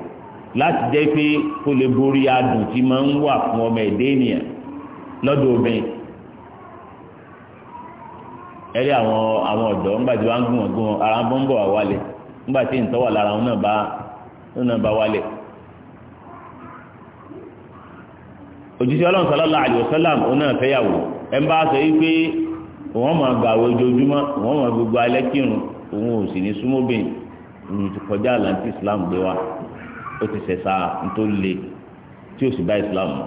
láti jẹ́ pé kó lè borí adùn tí máa ń wà fún ọmọ ẹ̀dẹ́ ènìyàn lọ́dọ̀ obìnrin ẹ̀rí àwọn àwọn ọ̀dọ́ ńgbà tí wọ́n á gún wọn gún wọn ara ń bọ́ ń bọ̀ wá wálẹ̀ ńgbà tí ìtọ́wà lára wọn náà bá wọn náà bá wálẹ̀. òjíṣẹ́ ọlọ́run sallallahu òun náà fẹ́yàwó ẹ̀ ń bá sọ yí pé òun máa gbà wọ ojoojúmọ́ òun máa gbogbo alẹ́ kírun òun ò sì ní súnmọ́bìn òun ti kọjá àlàntí Islam gbé wa ó ti sẹ̀sà tó le tí ó sì bá islam mu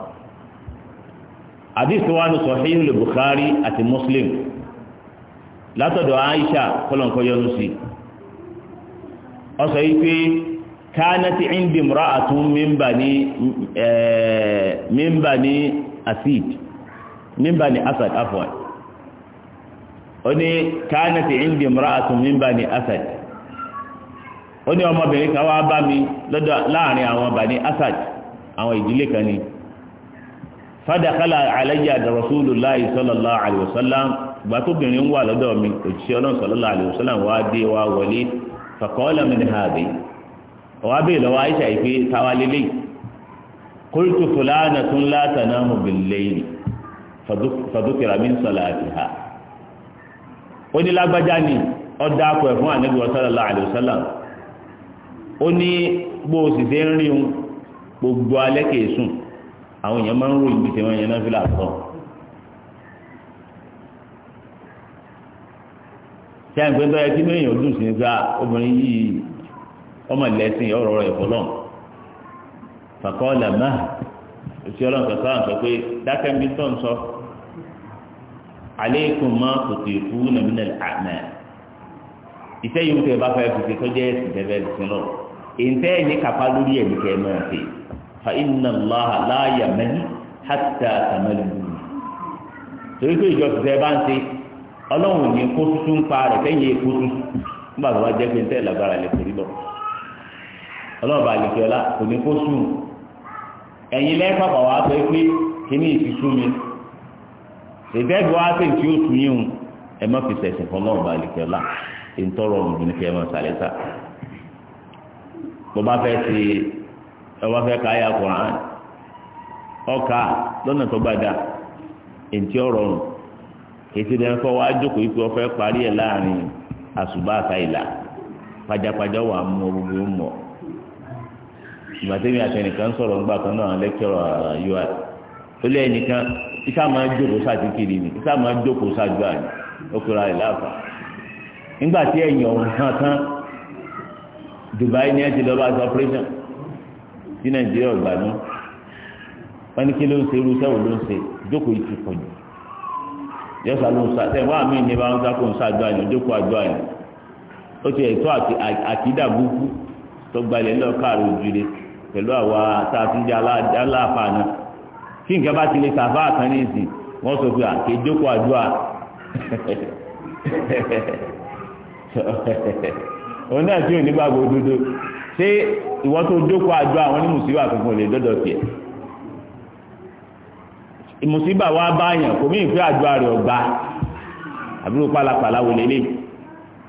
àdìsí wa ni sọ̀hìn lè bukhari àti muslim látọ̀dọ̀ aisha kọlọ̀nkọ́ yọnu sí ọ̀sọ̀ yìí pé kánàtì indi mura'atun min bani min bani asid min bani asad afwan ó ní kánàtì indi mura'atun min bani asad ó ní ọmọbìnrin kan wá bá mi lọ́dọ̀ láàrin àwọn bani asad àwọn ìdílé kan ni fadakala alayya da rasulullah sallallahu alayhi wa sallam ìgbà tóbìnrin ń wà lọ́dọ̀ mi òjíṣẹ́ ọlọ́run sallallahu alayhi wa sallam wá dé wá wọlé faqala min hadhi ọ̀wá bèè lọ́wọ́ aisha yìí pé táwa lélẹ̀ qultu fulanatun la tanamu bil layli fadukira min salatiha ó ní ni ó dákọ̀ ẹ̀ fún sallallahu alayhi wa sallam ó ní bó o sì ṣe ń rí un gbogbo alẹ́ kìí àwọn èèyàn máa ń ròyìn bí tèmi èèyàn náà fi làásọ. tí a ń pẹ́ tọ́yẹ kí ní èèyàn dùn sí ní ká ah, obìnrin yìí ọmọ ìlẹ́sìn ọ̀rọ̀ rẹ̀ fọlọ́ fàkọ́ làmá òsì ọlọ́run kẹsàn án sọ pé dákẹ́ mi tó ń sọ aleikum ma ìntẹ́ ẹ̀ ní kápá lórí ẹ̀mí fa inna Allaha la yamani hatta tamalu torí pé ìjọ tìṣẹ́ bá ń ṣe ọlọ́run ní kó tútù ń pa rẹ̀ kẹ́yìn èkó tútù nígbà tó bá jẹ́ pé ntẹ́ lágbára lè mi fi bọ́bá fẹ́ ti ọba fẹ́ ká yà kùrán ọkà lọ́nà tó gbàdá èntì ọ̀rọ̀ ọ̀run ètò ìdẹ́rẹ́ fọ́ wá jókòó parí ẹ̀ láàrin àṣùbà àtàìlà pajápajá wà mú gbogbo mọ ìgbàtẹ́mi àtẹnìkan sọ̀rọ̀ ńgbà kan náà lẹ́kẹ̀rọ̀ yóò àti ó lé ẹnìkan isa máa jókòó sàtìkiri ni máa jókòó Dubai ní ẹ ti lọ́ba àti operation tí Nàìjíríà ò gbà ní wọ́n ní kí ló ń ṣe irú sẹ́wọ̀n ló ń ṣe ìjókòó yìí ti pọ̀ jù yọ́sà ló ń sa tẹ̀ wọ́n àmì ìní bá ń sáko ń sàdúrà yìí ìjókòó àdúrà yìí ó ti ẹ̀tọ́ àkídà búkú tó gbalẹ̀ lọ káàró ojúre pẹ̀lú àwa tá a ti jẹ́ aláàfáà náà kí nǹkan bá ti lè sàfá àkàn ní ìsìn wọ́n sọ pé àké ìjókòó àdúrà òun náà tí ò nígbàgbọ́ òdodo ṣé ìwọ tó jókòó àjọ àwọn ní mùsíbà kankan lè dọ́dọ̀ tiẹ̀ mùsíbà wa báyàn kò mí ìfẹ́ àjọ àrẹ ọ̀gbà àbúrò pálapàla wò lélẹ̀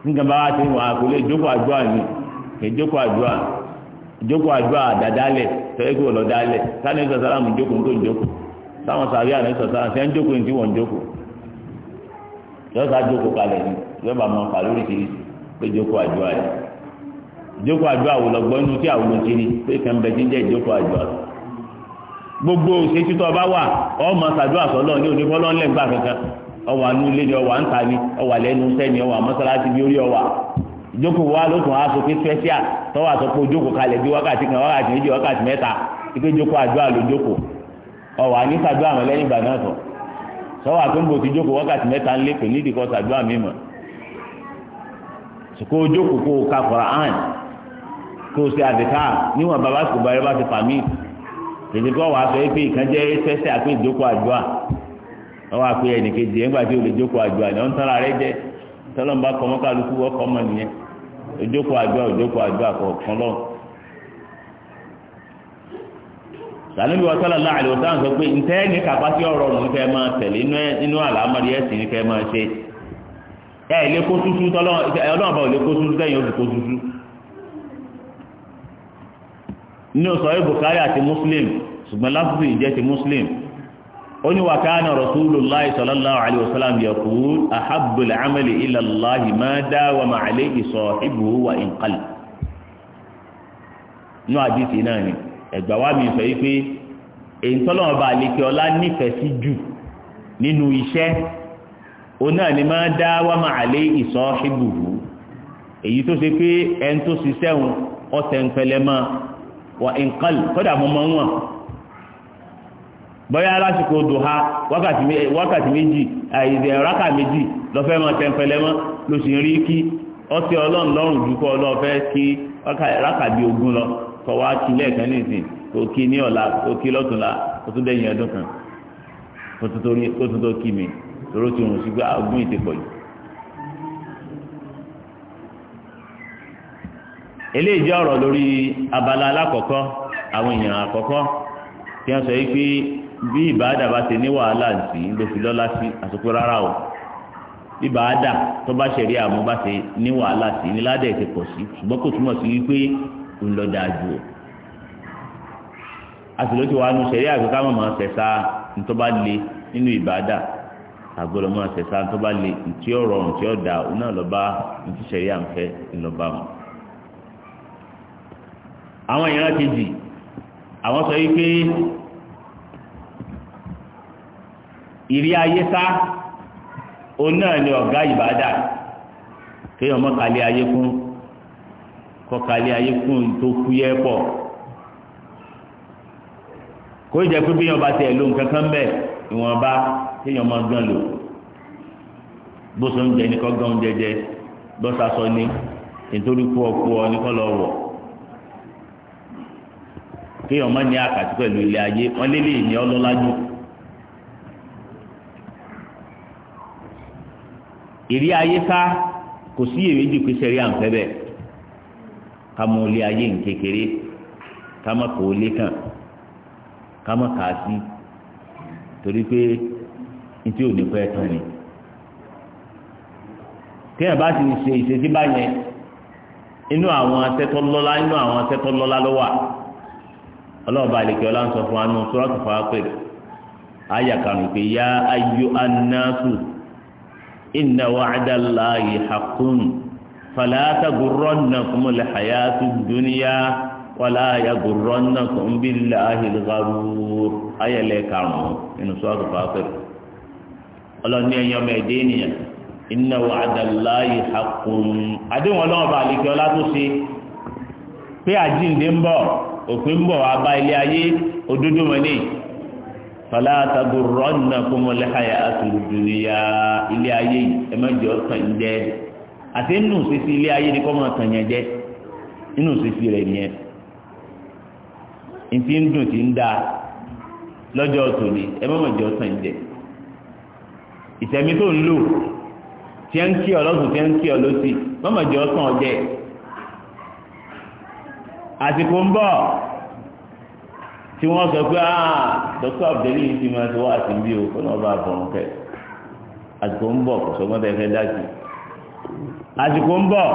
nígbàmbá wa ti wà kò lè jókòó àjọ àmì kè jókòó àjọ à jókòó àjọ àdàdálẹ̀ tẹ́lẹ̀ kí wọ́n lọ dálẹ̀ sáni sọ̀sálàmù jókòó tó jókòó táwọn sàrí àná sọ̀sálàmù sẹ́ ń jókòó ní tí wọ́n jókòó yọ́sà jókòó kalẹ̀ ni yọ́ba máa fà lóríṣiríṣi pé jókòó àdúrà yìí jókòó àdúrà wò lọ́gbọ́n inú tí àwọn olùkiri pé kàn bẹ jíjẹ́ jókòó àdúrà gbogbo òṣèṣì tó ọba wà ọmọ sàdúrà sọ́lọ́ ní onífọ́lọ́ ńlẹ́gbà kankan ọwà ọwà ni ọwà wa ló tún special bí wákàtí kan wákàtí méjì wákàtí ọwà ní sàdúrà ìgbà náà sọ ti wákàtí kó o jókòó kó ka Quran kó o ṣe àdìká níwọ̀n bàbá sùkú bàbá bá ti fàmí tètè kó wàá sọ pé ìkan jẹ́ sẹ́sẹ́ àpé ìjókòó àdúrà ọwọ́ àpé ẹnìkejì ẹ̀ ń gbà tí o lè tán ara rẹ jẹ́ tọ́lọ́mùbá kọ́mọ́kálukú wọ́kọ́ mọ̀ nìyẹn ojókòó àdúrà ojókòó àdúrà kọ̀ọ̀kan lọ́wọ́ sàlẹ́bí wọ́n sọ́lá láàrin ọ̀sán sọ pé ntẹ́ ní ọ̀rọ̀ ẹ ẹ lè kó tútú tọ́lọ́ ẹ ọlọ́run bá ò lè kó tútú sẹ́yìn oṣù kó tútú ní o sọ̀rọ̀ Bukhari àti Muslim ṣùgbọ́n lásìkò ìjẹ́ ti Muslim ó ní wa kana Rasulullahi sallallahu alayhi wa sallam yaqul ahabbul amali ila Allahi ma dawama alayhi sahibuhu wa in qalla ní àdìsí náà ni ẹ̀gbà wa mi sọ yìí pé èyí tọ́lọ́mọba àlekè ọlá nífẹ̀ẹ́ sí jù nínú iṣẹ́ òun ni máa dá wámà àlé ìsọ ìbùrù èyí tó ṣe pé ẹni tó ṣiṣẹ́ wọn ọ̀sẹ̀ ń pẹlẹ mọ́ wà nǹkan kọ́dà mọ́ mọ́ wọn bọ́yá lásìkò dùhà wákàtí méjì àìsè rákà méjì lọ́fẹ́ máa tẹ̀ ń pẹlẹ mọ́ ló sì ń rí kí ọtí ọlọ́run lọ́rùn kọ́ ọlọ́fẹ́ lọ kọ́ wá nìsín ní ọ̀la kan kò tòró ti rùn sí pé ogún ìtì pọ̀ yìí. eléyìí jẹ́ ọ̀rọ̀ lórí abala alákọ̀ọ́kọ́ àwọn èèyàn àkọ́kọ́ tí wọ́n sọ yìí pé bí ìbáàdà bá ti ní wàhálà sí ló fi lọ́lá sí àsopọ̀ rárá o bí ìbáàdà tó bá ṣẹ̀rí àmú bá ti ní wàhálà sí ní ládẹ̀ ti pọ̀ sí ṣùgbọ́n kò túmọ̀ sí wípé ń lọ dáa ju o àsìlóṣù wa nu ṣẹ̀rí àgbẹ̀ká mọ̀ mọ́ ntọ́ba le nínú ìbáàdà agbọ́dọ̀ mọ́ ọ̀sẹ̀ sáà tó bá le ntí ọ̀rọ̀ ntí ọ̀dà òun náà lọ́ba ntí sẹ̀rí àǹfẹ́ ńlọ́ba mu. àwọn ìran kejì àwọn sọ yìí pé ìrí ayé sá òun náà ni ọ̀gá ìbàdà kéèyàn mọ́ kalẹ̀ ayé kún kọ́ kalẹ̀ ayé kún tó kú yẹ pọ̀ kó jẹ́ pé bí yọ̀ọ́ bá tiẹ̀ lóun kankan bẹ́ẹ̀ ìwọ̀nba. kéèyàn máa gán lò bó so ń jẹ ní kọ́ lọ́sà sọ ní nítorí kú ọkú ọ ní kọ́ lọ wọ̀ kéèyàn máa ní àkàtì pẹ̀lú ilé ayé wọ́n lé lè ní ọlọ́lá jù. ìrí ayé ká kò sí pé sẹ́rí àǹfẹ́ bẹ́ẹ̀ ká mọ ayé ká má kó lé kàn ntí ò ní pẹ́ tán ni téèyàn bá ti ṣe ìṣesí báyẹn inú àwọn asẹ́tọ́ lọ́lá inú àwọn asẹ́tọ́ lọ́lá ló wà ọlọ́ọ̀bá àlekè ọlá ń sọ fún anú sọ́rọ́tù fàápẹ́ ayàkàrùn pé yá ayú anáṣù inna wa'dallahi haqqun fala taghurrannakum alhayatud dunya wala yaghurrannakum billahi algharur ayẹlẹ karùn-ún inú sọ́rọ́tù fàápẹ́ ọlọ́ni ẹ̀yàn ọmọ ẹ̀dẹ́ ènìyàn inna wa'dallahi haqqun àdéhùn ọlọ́run bá àlekè ọlá tó ṣe pé àjíǹde ń bọ̀ òpin ń bọ̀ wá bá ilé ayé òdodo mọ́lé fala tagurrannakumul hayatud dunya ilé ayé ẹ má jẹ́ ọ̀tàn jẹ àti nínú sísí ilé ayé ni kọ́ máa tàn yẹn jẹ nínú sísí rẹ̀ nìyẹn ntí ń dùn tí ń dáa lọ́jọ́ tòní ẹ má má jẹ́ ọ̀tàn jẹ ìtẹ̀mí tó ń lò tí ń kí ọlọ́sùn tí ń kí ọlọ́sì mọ́mọ̀jọ́ sàn ọjẹ́ àsìkò ń bọ̀ tí wọ́n sọ pé ah dr abdeli ti máa ti wá àti bí o kọ́nà ọba àbọ̀rún kẹ àsìkò ń bọ̀ kò sọgbọ́n tẹ fẹ́ dájú àsìkò ń bọ̀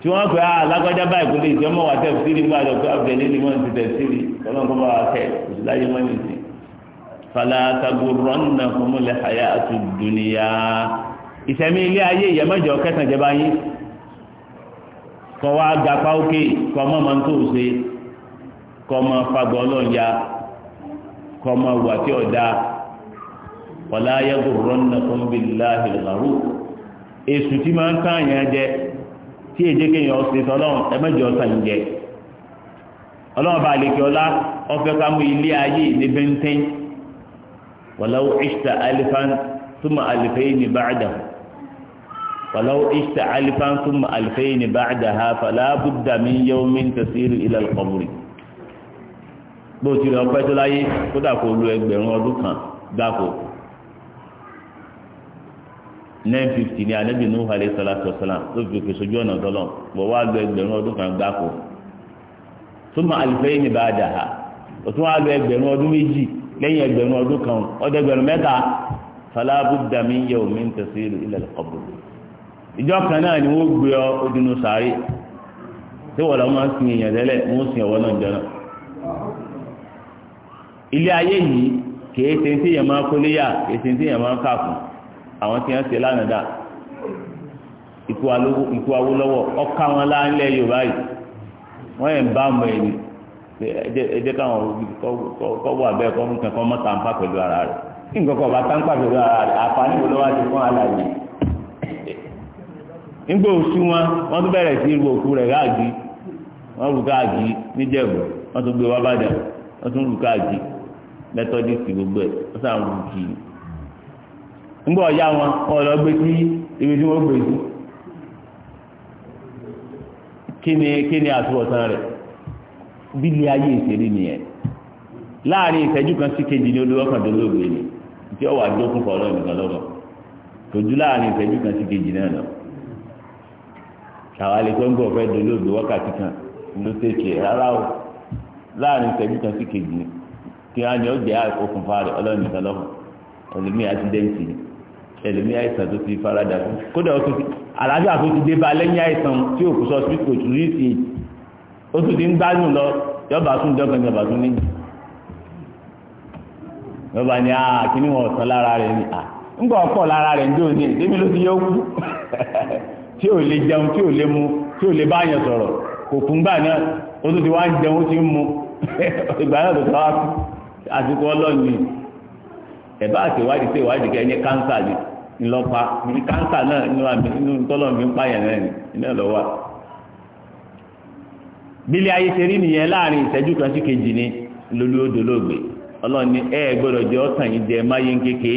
tí wọ́n pè ah lágbájá báyìí kò lè jẹ́ mọ́ wà tẹ̀ sírí nígbà dr abdeli ni wọ́n ti tẹ̀ sírí kọ́nà ọba àkẹ́ òṣìláyé mọ́nyìntì falatagurọ́nà fúnmúlẹ̀ àyà àti dùnìyà ìsẹ̀mí ilé ayé ìyẹ̀mẹ́jọ kẹsàn jẹba yín kọ wá gapá òkè kọ mọ́ máa ń tó ṣe kọ mọ́ fagbọ́ ọlọ́ọ̀ya kọ mọ́ wà tí ọ̀dà falayagurọ́nà fúnmúlẹ̀ àhìlárò èsù tí máa ń tán àyàn jẹ tí èdè kéèyàn ọ̀sẹ̀ sọlọ́run ẹ̀mẹ́jọ sàn ọlọ́run bá lè kí ọlá ọfẹ́ ká ilé ayé ní bẹ́ńtẹ́ńtẹ́ ولو عشت alifan ثم ألفين ní ولو عشت ìṣtà ثم ألفين بعدها فلا بد من fàlábùdà mi إلى mi ń tẹ̀síìrì ilẹ̀ kọ̀bùrì bó tilẹ̀ ọpẹ́ tó láyé kódà kó lu ẹgbẹ̀rún ọdún kan gbáko nine fifty ní anabi nuhu alayhi salatu wa salam tó fi pèsè ojú ọ̀nà tọ́lọ̀ bọ̀ wá lu ẹgbẹ̀rún ọdún kan gbáko túmọ̀ àlìfẹ́yìn ní báàdà ha òtún wá lu ẹgbẹ̀rún ọdún méjì lẹ́yìn ẹgbẹ̀rún ọdún kan ọdẹgbẹ̀rún mẹ́ta falabudami yẹ omi ń tẹ̀sí ilẹ̀ ọ̀bù ìjọ kan náà ni wọ́n gbé ọ sáré tí wọ́n lọ máa ń sin èèyàn tẹ́lẹ̀ wọ́n sin ọ̀wọ́ náà jẹ́nà ilé ayé yìí kìí ṣe tí èèyàn máa kìí ṣe tí èèyàn máa àwọn tí wọ́n ṣe ikú wọn láńlẹ̀ yorùbá yìí wọ́n yẹn bá ọmọ ẹjẹ́ káwọn kọ́wọ́ abẹ́ kọ́ mú kẹ́kọ́ mọ́ tàǹpà ara rẹ̀ kí nǹkan kọ́ bá ara rẹ̀ àǹfààní wo ti fún aláàjì nígbà oṣù wọn wọn tún sí irú òkú gáàgì wọn rú gáàgì níjẹ̀bù wọn tún gbé wá bàdàn wọn tún rú gáàgì mẹtọdísì gbogbo ẹ̀ wọn sàn rú kì í nígbà ọ̀yá wọn wọn lọ gbé sí ibi tí gbé sí kí ni kí bílé ayé ìṣeré nìyẹn láàrin ìṣẹ́jú kan sí kejì ní olúwọ́kàn tó lóògbé ni tí ó wà jó fún fọlọ́ nìkan lọ́rọ̀ kò ju láàrin ìṣẹ́jú kan sí kejì náà lọ. àwálé tó ń bọ̀ fẹ́ dolóògbé wákàtí kan ló tẹ̀sí ẹ̀ rárá o láàrin ìṣẹ́jú kan sí kejì ni kí wọ́n á ní ọgbẹ́ okùnfà rẹ̀ ọlọ́run nìkan lọ́rọ̀ ẹlòmíì àtidẹ́ǹtì ni ẹlòmíì àìsàn tó ti faradà fún kódà àlàáfíà tó ti dé bá lẹ́yìn àìsàn tí òkú sọ ó tún ti ń gbádùn lọ yọba tún jọ yọba tún níjì yọba ah, ni a kìíní wọn ọ̀sán lára rẹ̀ ni a ah, ńgbà ọ̀pọ̀ lára rẹ̀ ń dé òní débi ló ti yọ kú tí ò lè jẹun tí ò lè mu tí ò lè bá yàn sọ̀rọ̀ kò fún gbà ó tún ti wá ń jẹun ó ti ń mu ìgbà náà tó sáwá kú ẹ̀bá àti ìwádìí sí ìwádìí kẹ́ ni ní náà bílé ayé ṣe rí nìyẹn láàrin ìṣẹ́jú kan sí kejì ni lórí odò lóògbé ọlọ́run jẹ́ ọ̀tàn yìí jẹ́ máyé kéke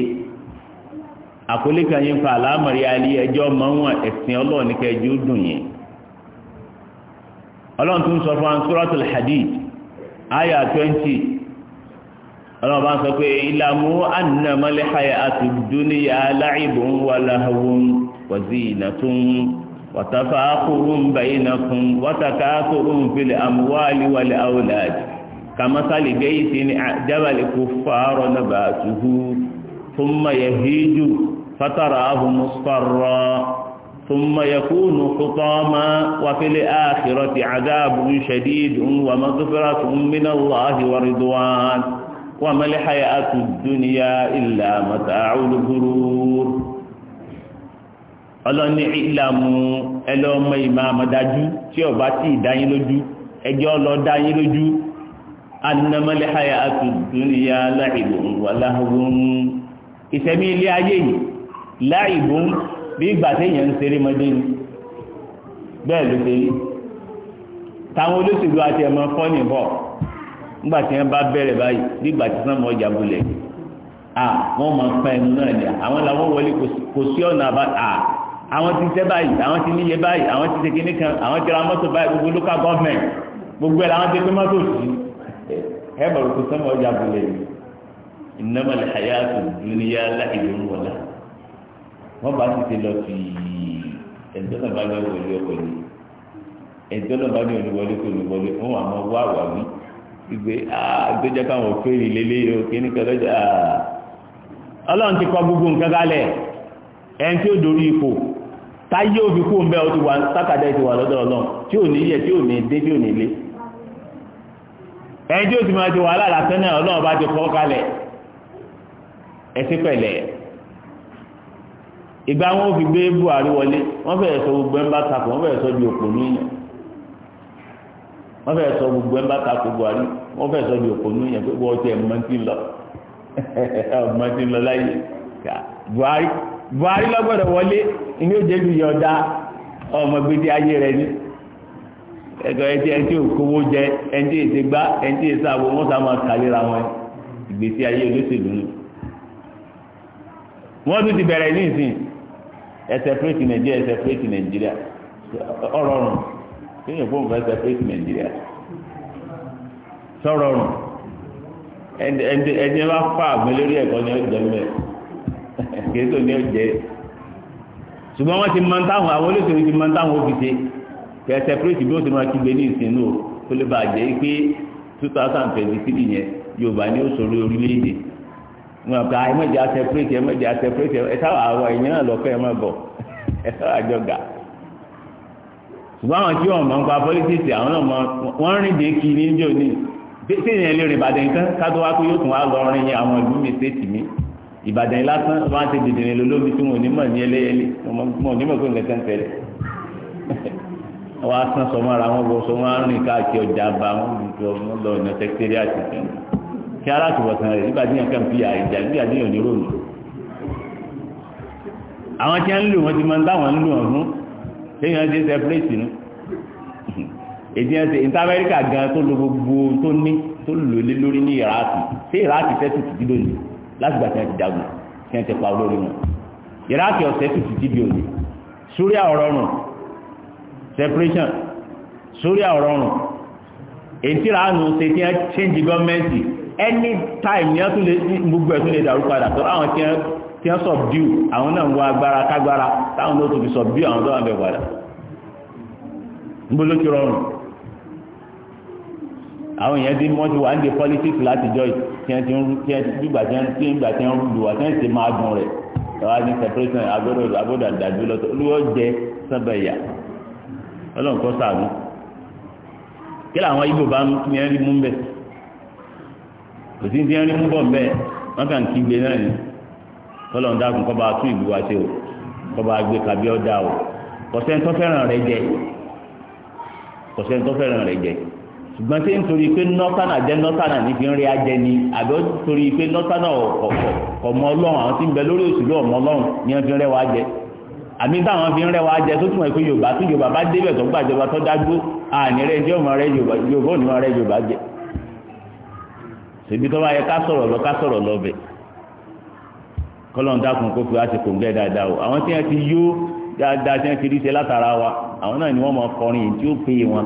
àkólé kan yìí ń fa àlámọ̀rí alẹ́ ẹjọ́ mọ́wọ́n ẹ̀sìn ọlọ́run kẹjú dùn yẹn ọlọ́run tún sọ fún suratul hadid aya 20, ọlọ́run bá ń sọ pé ìlàmú annamal hayatu dunya la'ibun وتفاخر بينكم وتكاثر في الأموال والأولاد كمثل بيت أعجب الكفار نباته ثم يهيج فتراه مصفرا ثم يكون حطاما وفي الآخرة عذاب شديد ومغفرة من الله ورضوان وما الحياة الدنيا إلا متاع الغرور ọlọ́ni ìlàmù ẹlọ́mọ ìmọ̀ àmọ̀dájú tí ó bá ti ìdáyín lójú ẹjọ́ lọ dáyín lójú annamal hayatu dunya la'ibun wa lahwun ìṣẹ̀mí ilé ayé yìí la'ibun bí ìgbà téèyàn ń ṣeré mọ́dé ni bẹ́ẹ̀ ló ṣe rí táwọn olóṣèlú àti ẹ̀mọ fọ́nì bọ̀ nígbà tí bá bẹ̀rẹ̀ báyìí bí ìgbà tí sánmọ́ ọjà bulẹ̀ náà ni àwọn làwọn wọlé kò sí ọ̀nà àbá à àwọn ti ṣe báyìí àwọn ti níye báyìí àwọn ti ṣe kíní kan àwọn ti ra mọ́tò báyìí gbogbo local government gbogbo ẹ̀ làwọn ti pé mọ́tò sí ẹ bọ̀rọ̀ kó sọ́mọ́ ọjà bolẹ̀ yìí ìnáwó àlàyé àtúndúnìyà láìlú wọlá wọ́n bá ti ṣe lọ sí ẹ̀dọ́ náà bá ní wọlé wọlé ẹ̀dọ́ náà bá ní wọlé wọlé wọlé wọ́n wà mọ́ wá wà wí ìgbé àgbéjọ káwọn òfin lélẹ́ yìí òkè ní kẹlẹ́jà ọlọ́run ti kọ gbogbo nǹkan kalẹ̀ ẹ̀ tí ó dorí ipò táyé òbí kú ń bẹ́ ọ ti wà sákàdá ti wà lọ́dọ̀ ọlọ́run tí ò ní yẹ tí ò ní dé tí ò ní lé ẹni tí ó ti máa ti wà lálàsẹ́ náà ọlọ́run bá ti kọ́ kalẹ̀ ẹsí pẹ̀lẹ́ ìgbà wọn fi gbé Buhari wọlé wọ́n fẹ́ẹ́ sọ gbogbo ẹ̀ ń bá takò wọ́n fẹ́ẹ́ sọ di òpònú yẹn wọ́n fẹ́ẹ́ sọ gbogbo ẹ̀ ń bá takò Buhari wọ́n fẹ́ẹ́ sọ di òpònú yẹn pé wọ́n ti ẹ̀ mọ́tì lọ ẹ̀ lọ láyé Buhari buhari lọ́gbọ̀dọ̀ wọlé ní òjèlú yọ̀dá ọmọ gbèdé ayé rẹ̀ ní ẹ̀kọ́ ẹtí ẹtí òkówó jẹ ẹtí ètè gbá ẹtí ètè àbò wọn sá máa kàlera wọn ìgbésí ayé olóṣèlú ni wọn tún ti bẹ̀rẹ̀ ní ìsìn ẹsẹ̀ fúrẹ́tì nàìjíríà ẹsẹ̀ fúrẹ́tì nàìjíríà ọ̀rọ̀rùn kéèyàn fóun fẹ́ ẹsẹ̀ fúrẹ́tì nàìjíríà sọ̀rọ̀rùn ẹni ẹni bá fà mí lórí ẹ̀kọ́ ni ó jẹ́ kéétò ní ọ̀jẹ́ ṣùgbọ́n wọ́n ti mọ táwọn àwọn olóṣèlú ti mọ táwọn òfìṣe kẹ́ sẹ́pẹ́rẹ́tì bí ó ti máa kígbe ní ìsinú o tó lè bàa jẹ́ pé two thousand twenty three yẹn Yorùbá ni ó sọ̀rọ̀ orílẹ̀-èdè wọn kà ẹ mọ̀jẹ̀ sẹ́pẹ́rẹ́tì ẹ mọ̀jẹ̀ sẹ́pẹ́rẹ́tì ẹ táwọn àwọn ẹ̀yìn náà lọ́kọ́ ẹ má bọ̀ ẹ táwọn àjọ gà ṣùgbọ́n àwọn tí wọ́n mọ̀ nípa politics àwọn náà mọ̀ wọ́n rìn dé kí ní jò ní bí sí ìyẹn lè rìn bàdẹ̀ nǹkan ká tó wá pé yóò tún wá lọ rìn àwọn ìlú mi ṣètì mi ìbàdàn yìí lásán tó máa ń ṣe dìdìrì lólóbi tí wọn ò ní mọ̀ ní ẹlẹ́yẹlé wọn ò ní mọ̀ pé nǹkan kan tẹ̀lé wọn á sàn sọmọ ara wọn bọ sọmọ arìn káàkiri ọjà bá wọn lọ wọn lọ ọ̀nà sẹkítẹ́rì àti ìfẹ́mi kí aláàtúbọ̀sán rẹ̀ nígbà tí yẹn kàn fi àìjà nígbà tí yẹn ò ní ròmù àwọn tí wọ́n ń lò wọ́n ti máa ń dáwọn ń lò wọ́n fún lẹ́yìn ọdún sẹ́pẹ́rẹ́tì nù èdè ẹsẹ̀ ìta amẹ́ríkà gan tó lo gbogbo tó ní tó lò lé lórí ní ìráàtì ṣé ìráàtì tẹ́tù ti dídò nìyí lágbà tí wọ́n ti dàgbà tí wọ́n ti pa olórí wọn iraki ọ̀sẹ̀ tó ti di bí òní Syria ọ̀rọ̀rùn separation Syria ọ̀rọ̀rùn èyí ránù ṣe tí wọ́n change gọ́ọ̀mẹ́ntì any time ní ọtún lè gbogbo ẹ̀ tún lè dàrú padà tó àwọn tí wọ́n subdue àwọn náà ń wọ agbára kágbára táwọn náà tó fi subdue àwọn tó wà ń bẹ̀ padà ń bolo ti rọrùn àwọn èèyàn dín wọ́n ti wà ń de politics látijọ́ ìgbà tí wọ́n ń lu wa tí wọ́n ti máa dùn rẹ̀ ẹ̀wá ní separation agbọ́dọ̀ agbọ́dọ̀ àdájú lọ́tọ̀ olúwọ́ jẹ sábẹ̀yà ọlọ́run kọ́ sàánú kí làwọn ibo bá ní ẹni mú bẹ́ẹ̀ kò sí ní ẹni mú bọ̀ bẹ́ẹ̀ wọ́n kàn kí gbé náà ni ọlọ́run dákun kọ́ bá tún ìlú wa ṣe o kọ́ bá gbé o ọ̀dà o kọ̀sẹ́ńtọ́ fẹ́ràn rẹ̀ jẹ kọ̀sẹ́ńtọ́ fẹ́ràn rẹ̀ jẹ ṣùgbọ́n tí nítorí pé nọ́tànà jẹ́ nọ́tànà ní fi ń rí ajẹ́ ni àbẹ́ torí pé nọ́tànà ọmọ ọlọ́run àwọn tí ń bẹ lórí òṣèlú ọmọ ọlọ́run ni wọ́n fi ń rẹ́wà jẹ àmì táwọn fi ń rẹ́wà jẹ tó túmọ̀ pé yorùbá tó yorùbá bá débẹ̀ tó gbàjọba tó dágbó àní rẹ̀ jẹ́ ọmọ rẹ̀ yorùbá yorùbá ò ní wọn rẹ̀ yorùbá jẹ ṣèbí tó bá yẹ ká sọ̀rọ̀ lọ ká sọ̀rọ̀ lọ bẹ̀ kọ́lọ́n dákun kó fi wá ti kòǹgẹ́ dáadáa o àwọn tí wọ́n ti yó dáadáa tí wọ́n ti rí ṣe látara wa àwọn náà ni wọ́n mọ ọkọrin tí ó péye wọn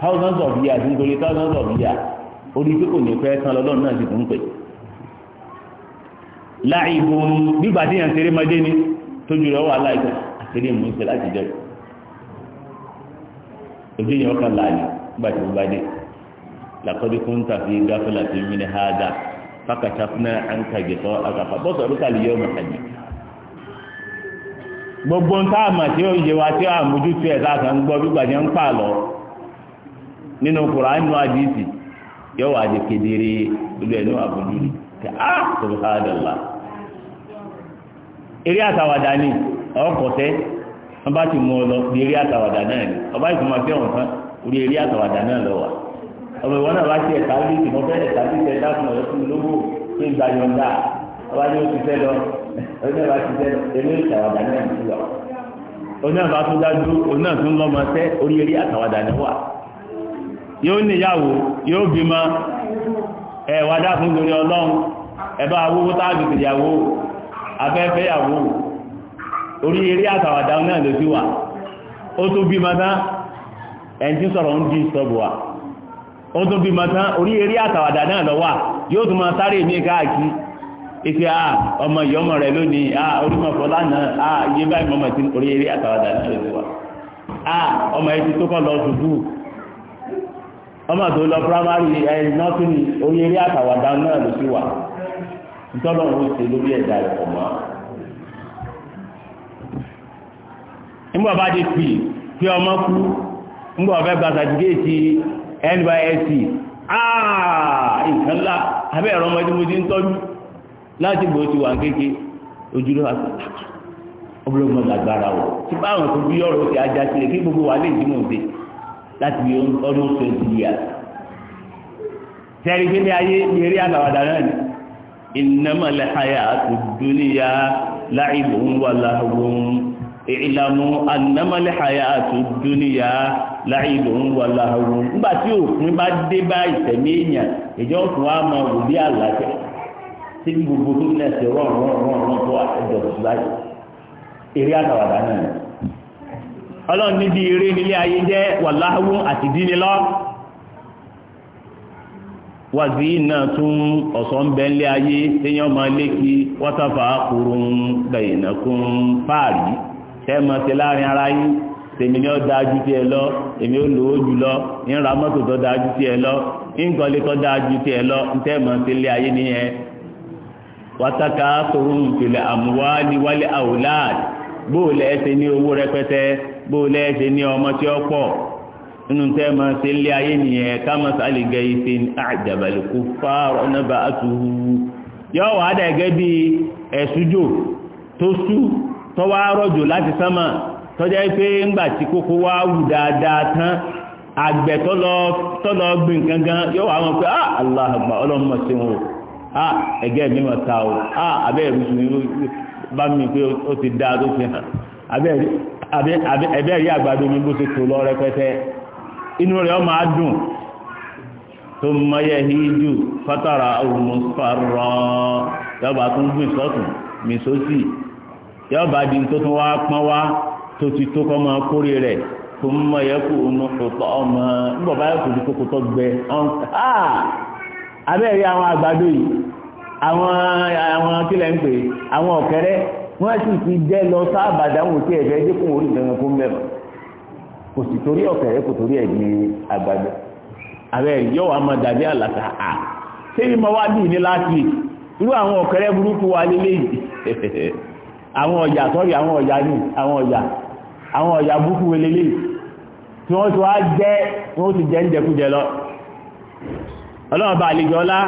thousands of years nítorí thousands of years orí tí kò ní pẹ́ náà sì tí yàn ni tójú rẹ̀ wà láìpẹ́ àṣírí mú ṣe láti jẹ́ ojú yẹn ọkàn láàyè nígbà tí mo bá dé làkọ́dé fún tàfi gáfẹ́lá tí mi ní háàdà fákàtà fún náà à ń kàgé sọ gbogbo ń tá tí ó yẹ wa tí ó àmójútó ẹ̀ ń gbọ́ nínú Kùránì nínú yóò wá di kedere ẹnu àbójú ni ká á subhanallah eré àtàwàdà ni bá ti mú ọ lọ eré àtàwàdà náà ni ọba fẹ́ wọn orí eré àtàwàdà náà lọ wà ọmọ ìwọ náà bá ti ẹ̀ka bí ìmọ̀ fẹ́ ẹ̀ka ìfẹ́ ọba ni ó ti fẹ́ lọ ọdún náà bá ti fẹ́ eré àtàwàdà náà ti yóò níyàwó yóò bímọ yoo bi lórí ọlọ́run ẹ̀bá agbógbó táàgì ìyàwó afẹ́fẹ́ yàwó orí eré àtàwàdá náà ló sí wà ó tó bímọ tán ẹni tí sọ̀rọ̀ ń di sọ́bù wa ó tó bímọ tán orí eré àtàwàdá náà lọ wà yóò tún máa sáré mi káàkiri a ọmọ ìyọmọ rẹ lónìí a a orí a ọmọ tó lọ primary ẹ̀yìn nọ́ọ̀tìnì oyè rí àtàwàdà náà ló sì wà ntọ́lọ́ ń ṣe lórí ẹ̀dá ẹ̀kọ́ mọ́ nígbà bá ti pì pé ọmọ kú nígbà ọ̀fẹ́ gba sàtìkéètì nysc aaa ah, nǹkan ńlá abẹ́ ẹ̀rọ ọmọdé mo ti ń tọ́jú láti gbòó ti wà kéèké ojúlé wa sọ ọbúrò mọ́ lágbára wọ̀ tí báwọn tó bí ọ̀rọ̀ ti ajá sílẹ̀ kí gbogbo wa lè dí mọ̀ dé láti bí ọdún twenty years tẹ́rí pé ní ayé ní eré àtàwàdà náà ni innamal hayatud dunya la'ibun wa lahwun i'lamu annamal hayatud dunya la'ibun wa lahwun nígbà tí òfin bá dé bá ìtẹ̀mí èèyàn ìjọ òfin wa máa wò àlàjẹ tí gbogbo tó ń lẹ̀ sí rọ̀rùn rọ̀rùn rọ̀rùn tó àjọ eré àtàwàdà náà ni. ọlọ́run níbi eré nílé ayé jẹ́ wàláhù àti dínní lọ wàzí náà tún ọ̀sán ń bẹ ayé téèyàn máa kí wọ́tàfà kúrún bẹ̀yìnàkún páàrí tẹ́ mọ́ sí láàrin ara yín tèmi ni ó lọ èmi lọ ń ra mọ́tò tó lọ ń tó lọ ń tẹ́ mọ́ sí ayé ni wálé bóòlù bó lẹ́ẹ̀ṣẹ̀ ní ọmọ tí ó pọ̀ nínú tẹ́ ṣe lé ayé nìyẹn káma sálì gẹ ife àjàbàlì kó fáárọ̀ náà bá yọ wà á dàgẹ́ bí ẹ̀sùjò tó sú tọ́wọ́ láti sánmà pé tí kókó wá wù dáadáa tán àgbẹ̀ tọ́lọ gbìn gangan yọ wà ah ọlọ́mọ sí wọn ah mi ta o ah abẹ́ bá mi pé ti dáa tó fi hàn ẹ̀bẹ́ rí àgbàdo mi bó ti tò lọ rẹpẹtẹ inú rẹ̀ ọ máa dùn tó mọ́yẹ híjù fátàrà òmùsọ̀rọ̀ yọba tó ń gbìn sọ́tún mi sósì yọba di tó tún wá pọ́n wá tó ti tó kọ́ mọ́ kórè rẹ̀ tó mọ́yẹ kó ọmọ ọ̀tọ̀ ọmọ nígbà báyà kò di kókó tó gbẹ ọ̀nkà abẹ́rẹ́ àwọn àgbàdo yìí àwọn àwọn kílẹ̀ ń pè àwọn ọ̀kẹ́rẹ́ wọ́n sì ti jẹ́ lọ sáàbà dáhùn tí ẹ̀fẹ́ dé fún orí ìdáná fún mẹ́fà kò sì torí ọ̀kẹ́ rẹ kò torí ẹ̀ di ààrẹ yóò wá máa dàbí àlàkà à ṣé bí mo wá bì ní láti irú àwọn ọ̀kẹ́rẹ́ burúkú wa lélẹ̀ yìí àwọn ọ̀yà sọ́rí àwọn ọ̀yà ní àwọn ọ̀yà àwọn ọ̀yà burúkú lélẹ̀ yìí tí wọ́n ti wá jẹ́ wọ́n ti jẹ́ ń jẹkújẹ lọ ọlọ́run bá àlejò ọlá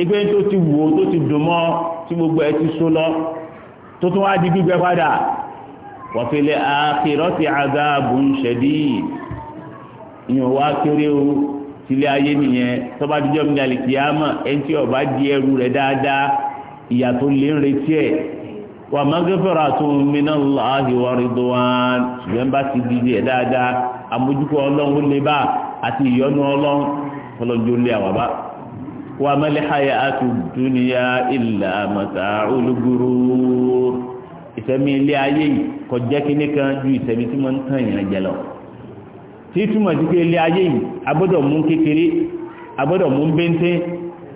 ẹgbẹ́ tó ti wù ó tó ti dùn mọ́ tí gbogbo ẹ ti so lọ tó tún wá di gbígbẹ padà wa fil akhirati azabun shadid ìyẹn wá kéré o tilé ayé nìyẹn tó bá dijọ́ mi dàlí kìámà ẹni tí ó bá di ẹrù rẹ̀ dáadáa ìyà tó ń retí ẹ̀ wa maghfiratun minallahi wa ridwan ṣùgbọ́n bá ti di ẹ̀ dáadáa àmójúkọ ọlọ́run lè bá àti ìyọ́nú ọlọ́run ọlọ́jọ́ lé àwàbá wa mal hayatu dunya illa mata'ul ghurur ìsẹ̀mí ilé ayé yìí kò jẹ́ kíní kan ju ìsẹ̀mí tí wọ́n ń tàn yàn jẹ lọ tí túmọ̀ sí pé ilé ayé yìí agbọ́dọ̀ mú kékeré agbọ́dọ̀ mú béńté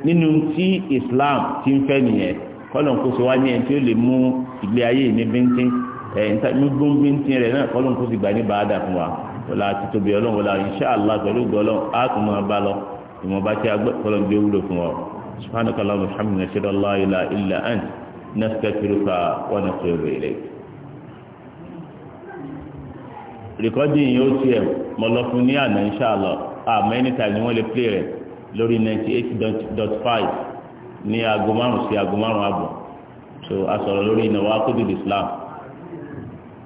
nínú tí Islam ti ń fẹ́ nìyẹn kọ́lọ̀n kó so wá ní ẹ̀ tí ó lè mú ilé ayé yìí ní béńté ẹ̀ nígbó béńté rẹ̀ náà kọ́lọ̀n kó sì gbà ní bàádà fún wa wọ́n la ti tóbi ọlọ́run wọ́n la inṣàlá a subhanakallahu alhamdulilayi la ilaha illa nastaghfiruka wa natubu ilayk. rìkọ́dì yìí ó tiẹ̀ mọ lọ fún ní àná inṣàlọ́ àmọ́ ah, anytime ni wọ́n lè play rẹ̀ lórí ninety eight dot five ní aago márùn sí aago márùn àbọ̀ so a sọ̀rọ̀ lórí ìnáwó akódìdì Islam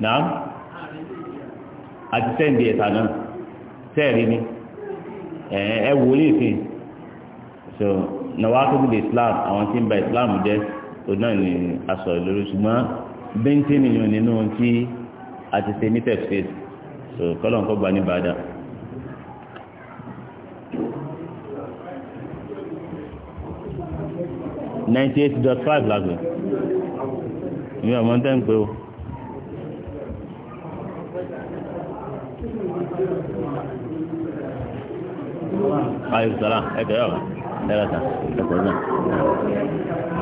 náà àti sẹ́ǹdì ẹ̀ta náà sẹ́ẹ̀rí ni ẹ wò ní ìsìn so ìnáwó akódìdì Islam àwọn tí ń ba Islam jẹ́ sí tó náà ní aṣọ ìlórí ṣùgbọ́n bẹ́ńtì nìyàn nínú tí a ti ṣe ní tefsir so kọ́lọ̀ ń kọ́ gba ní bàdà. ninety eight dot five lágbo ìwé ọmọ tẹ́ ń pè ó. Ayo salam, ẹ̀kẹ́ yọ̀ ẹ̀rọ ta, ẹ̀kọ́ náà.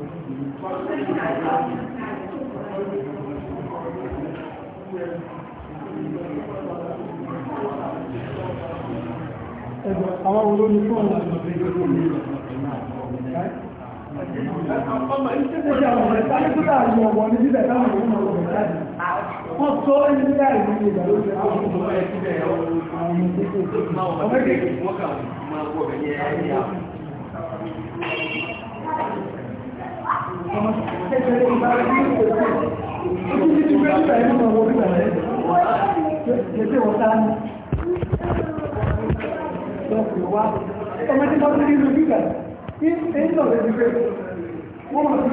ẹgbẹ̀ àwọn olórin fún ọ̀nà Wọ́n Ọmọdé bá tó ní ìlú gíga, ní ẹ̀yìn lọ́rẹ̀ ìgbẹ́, wọ́n mọ̀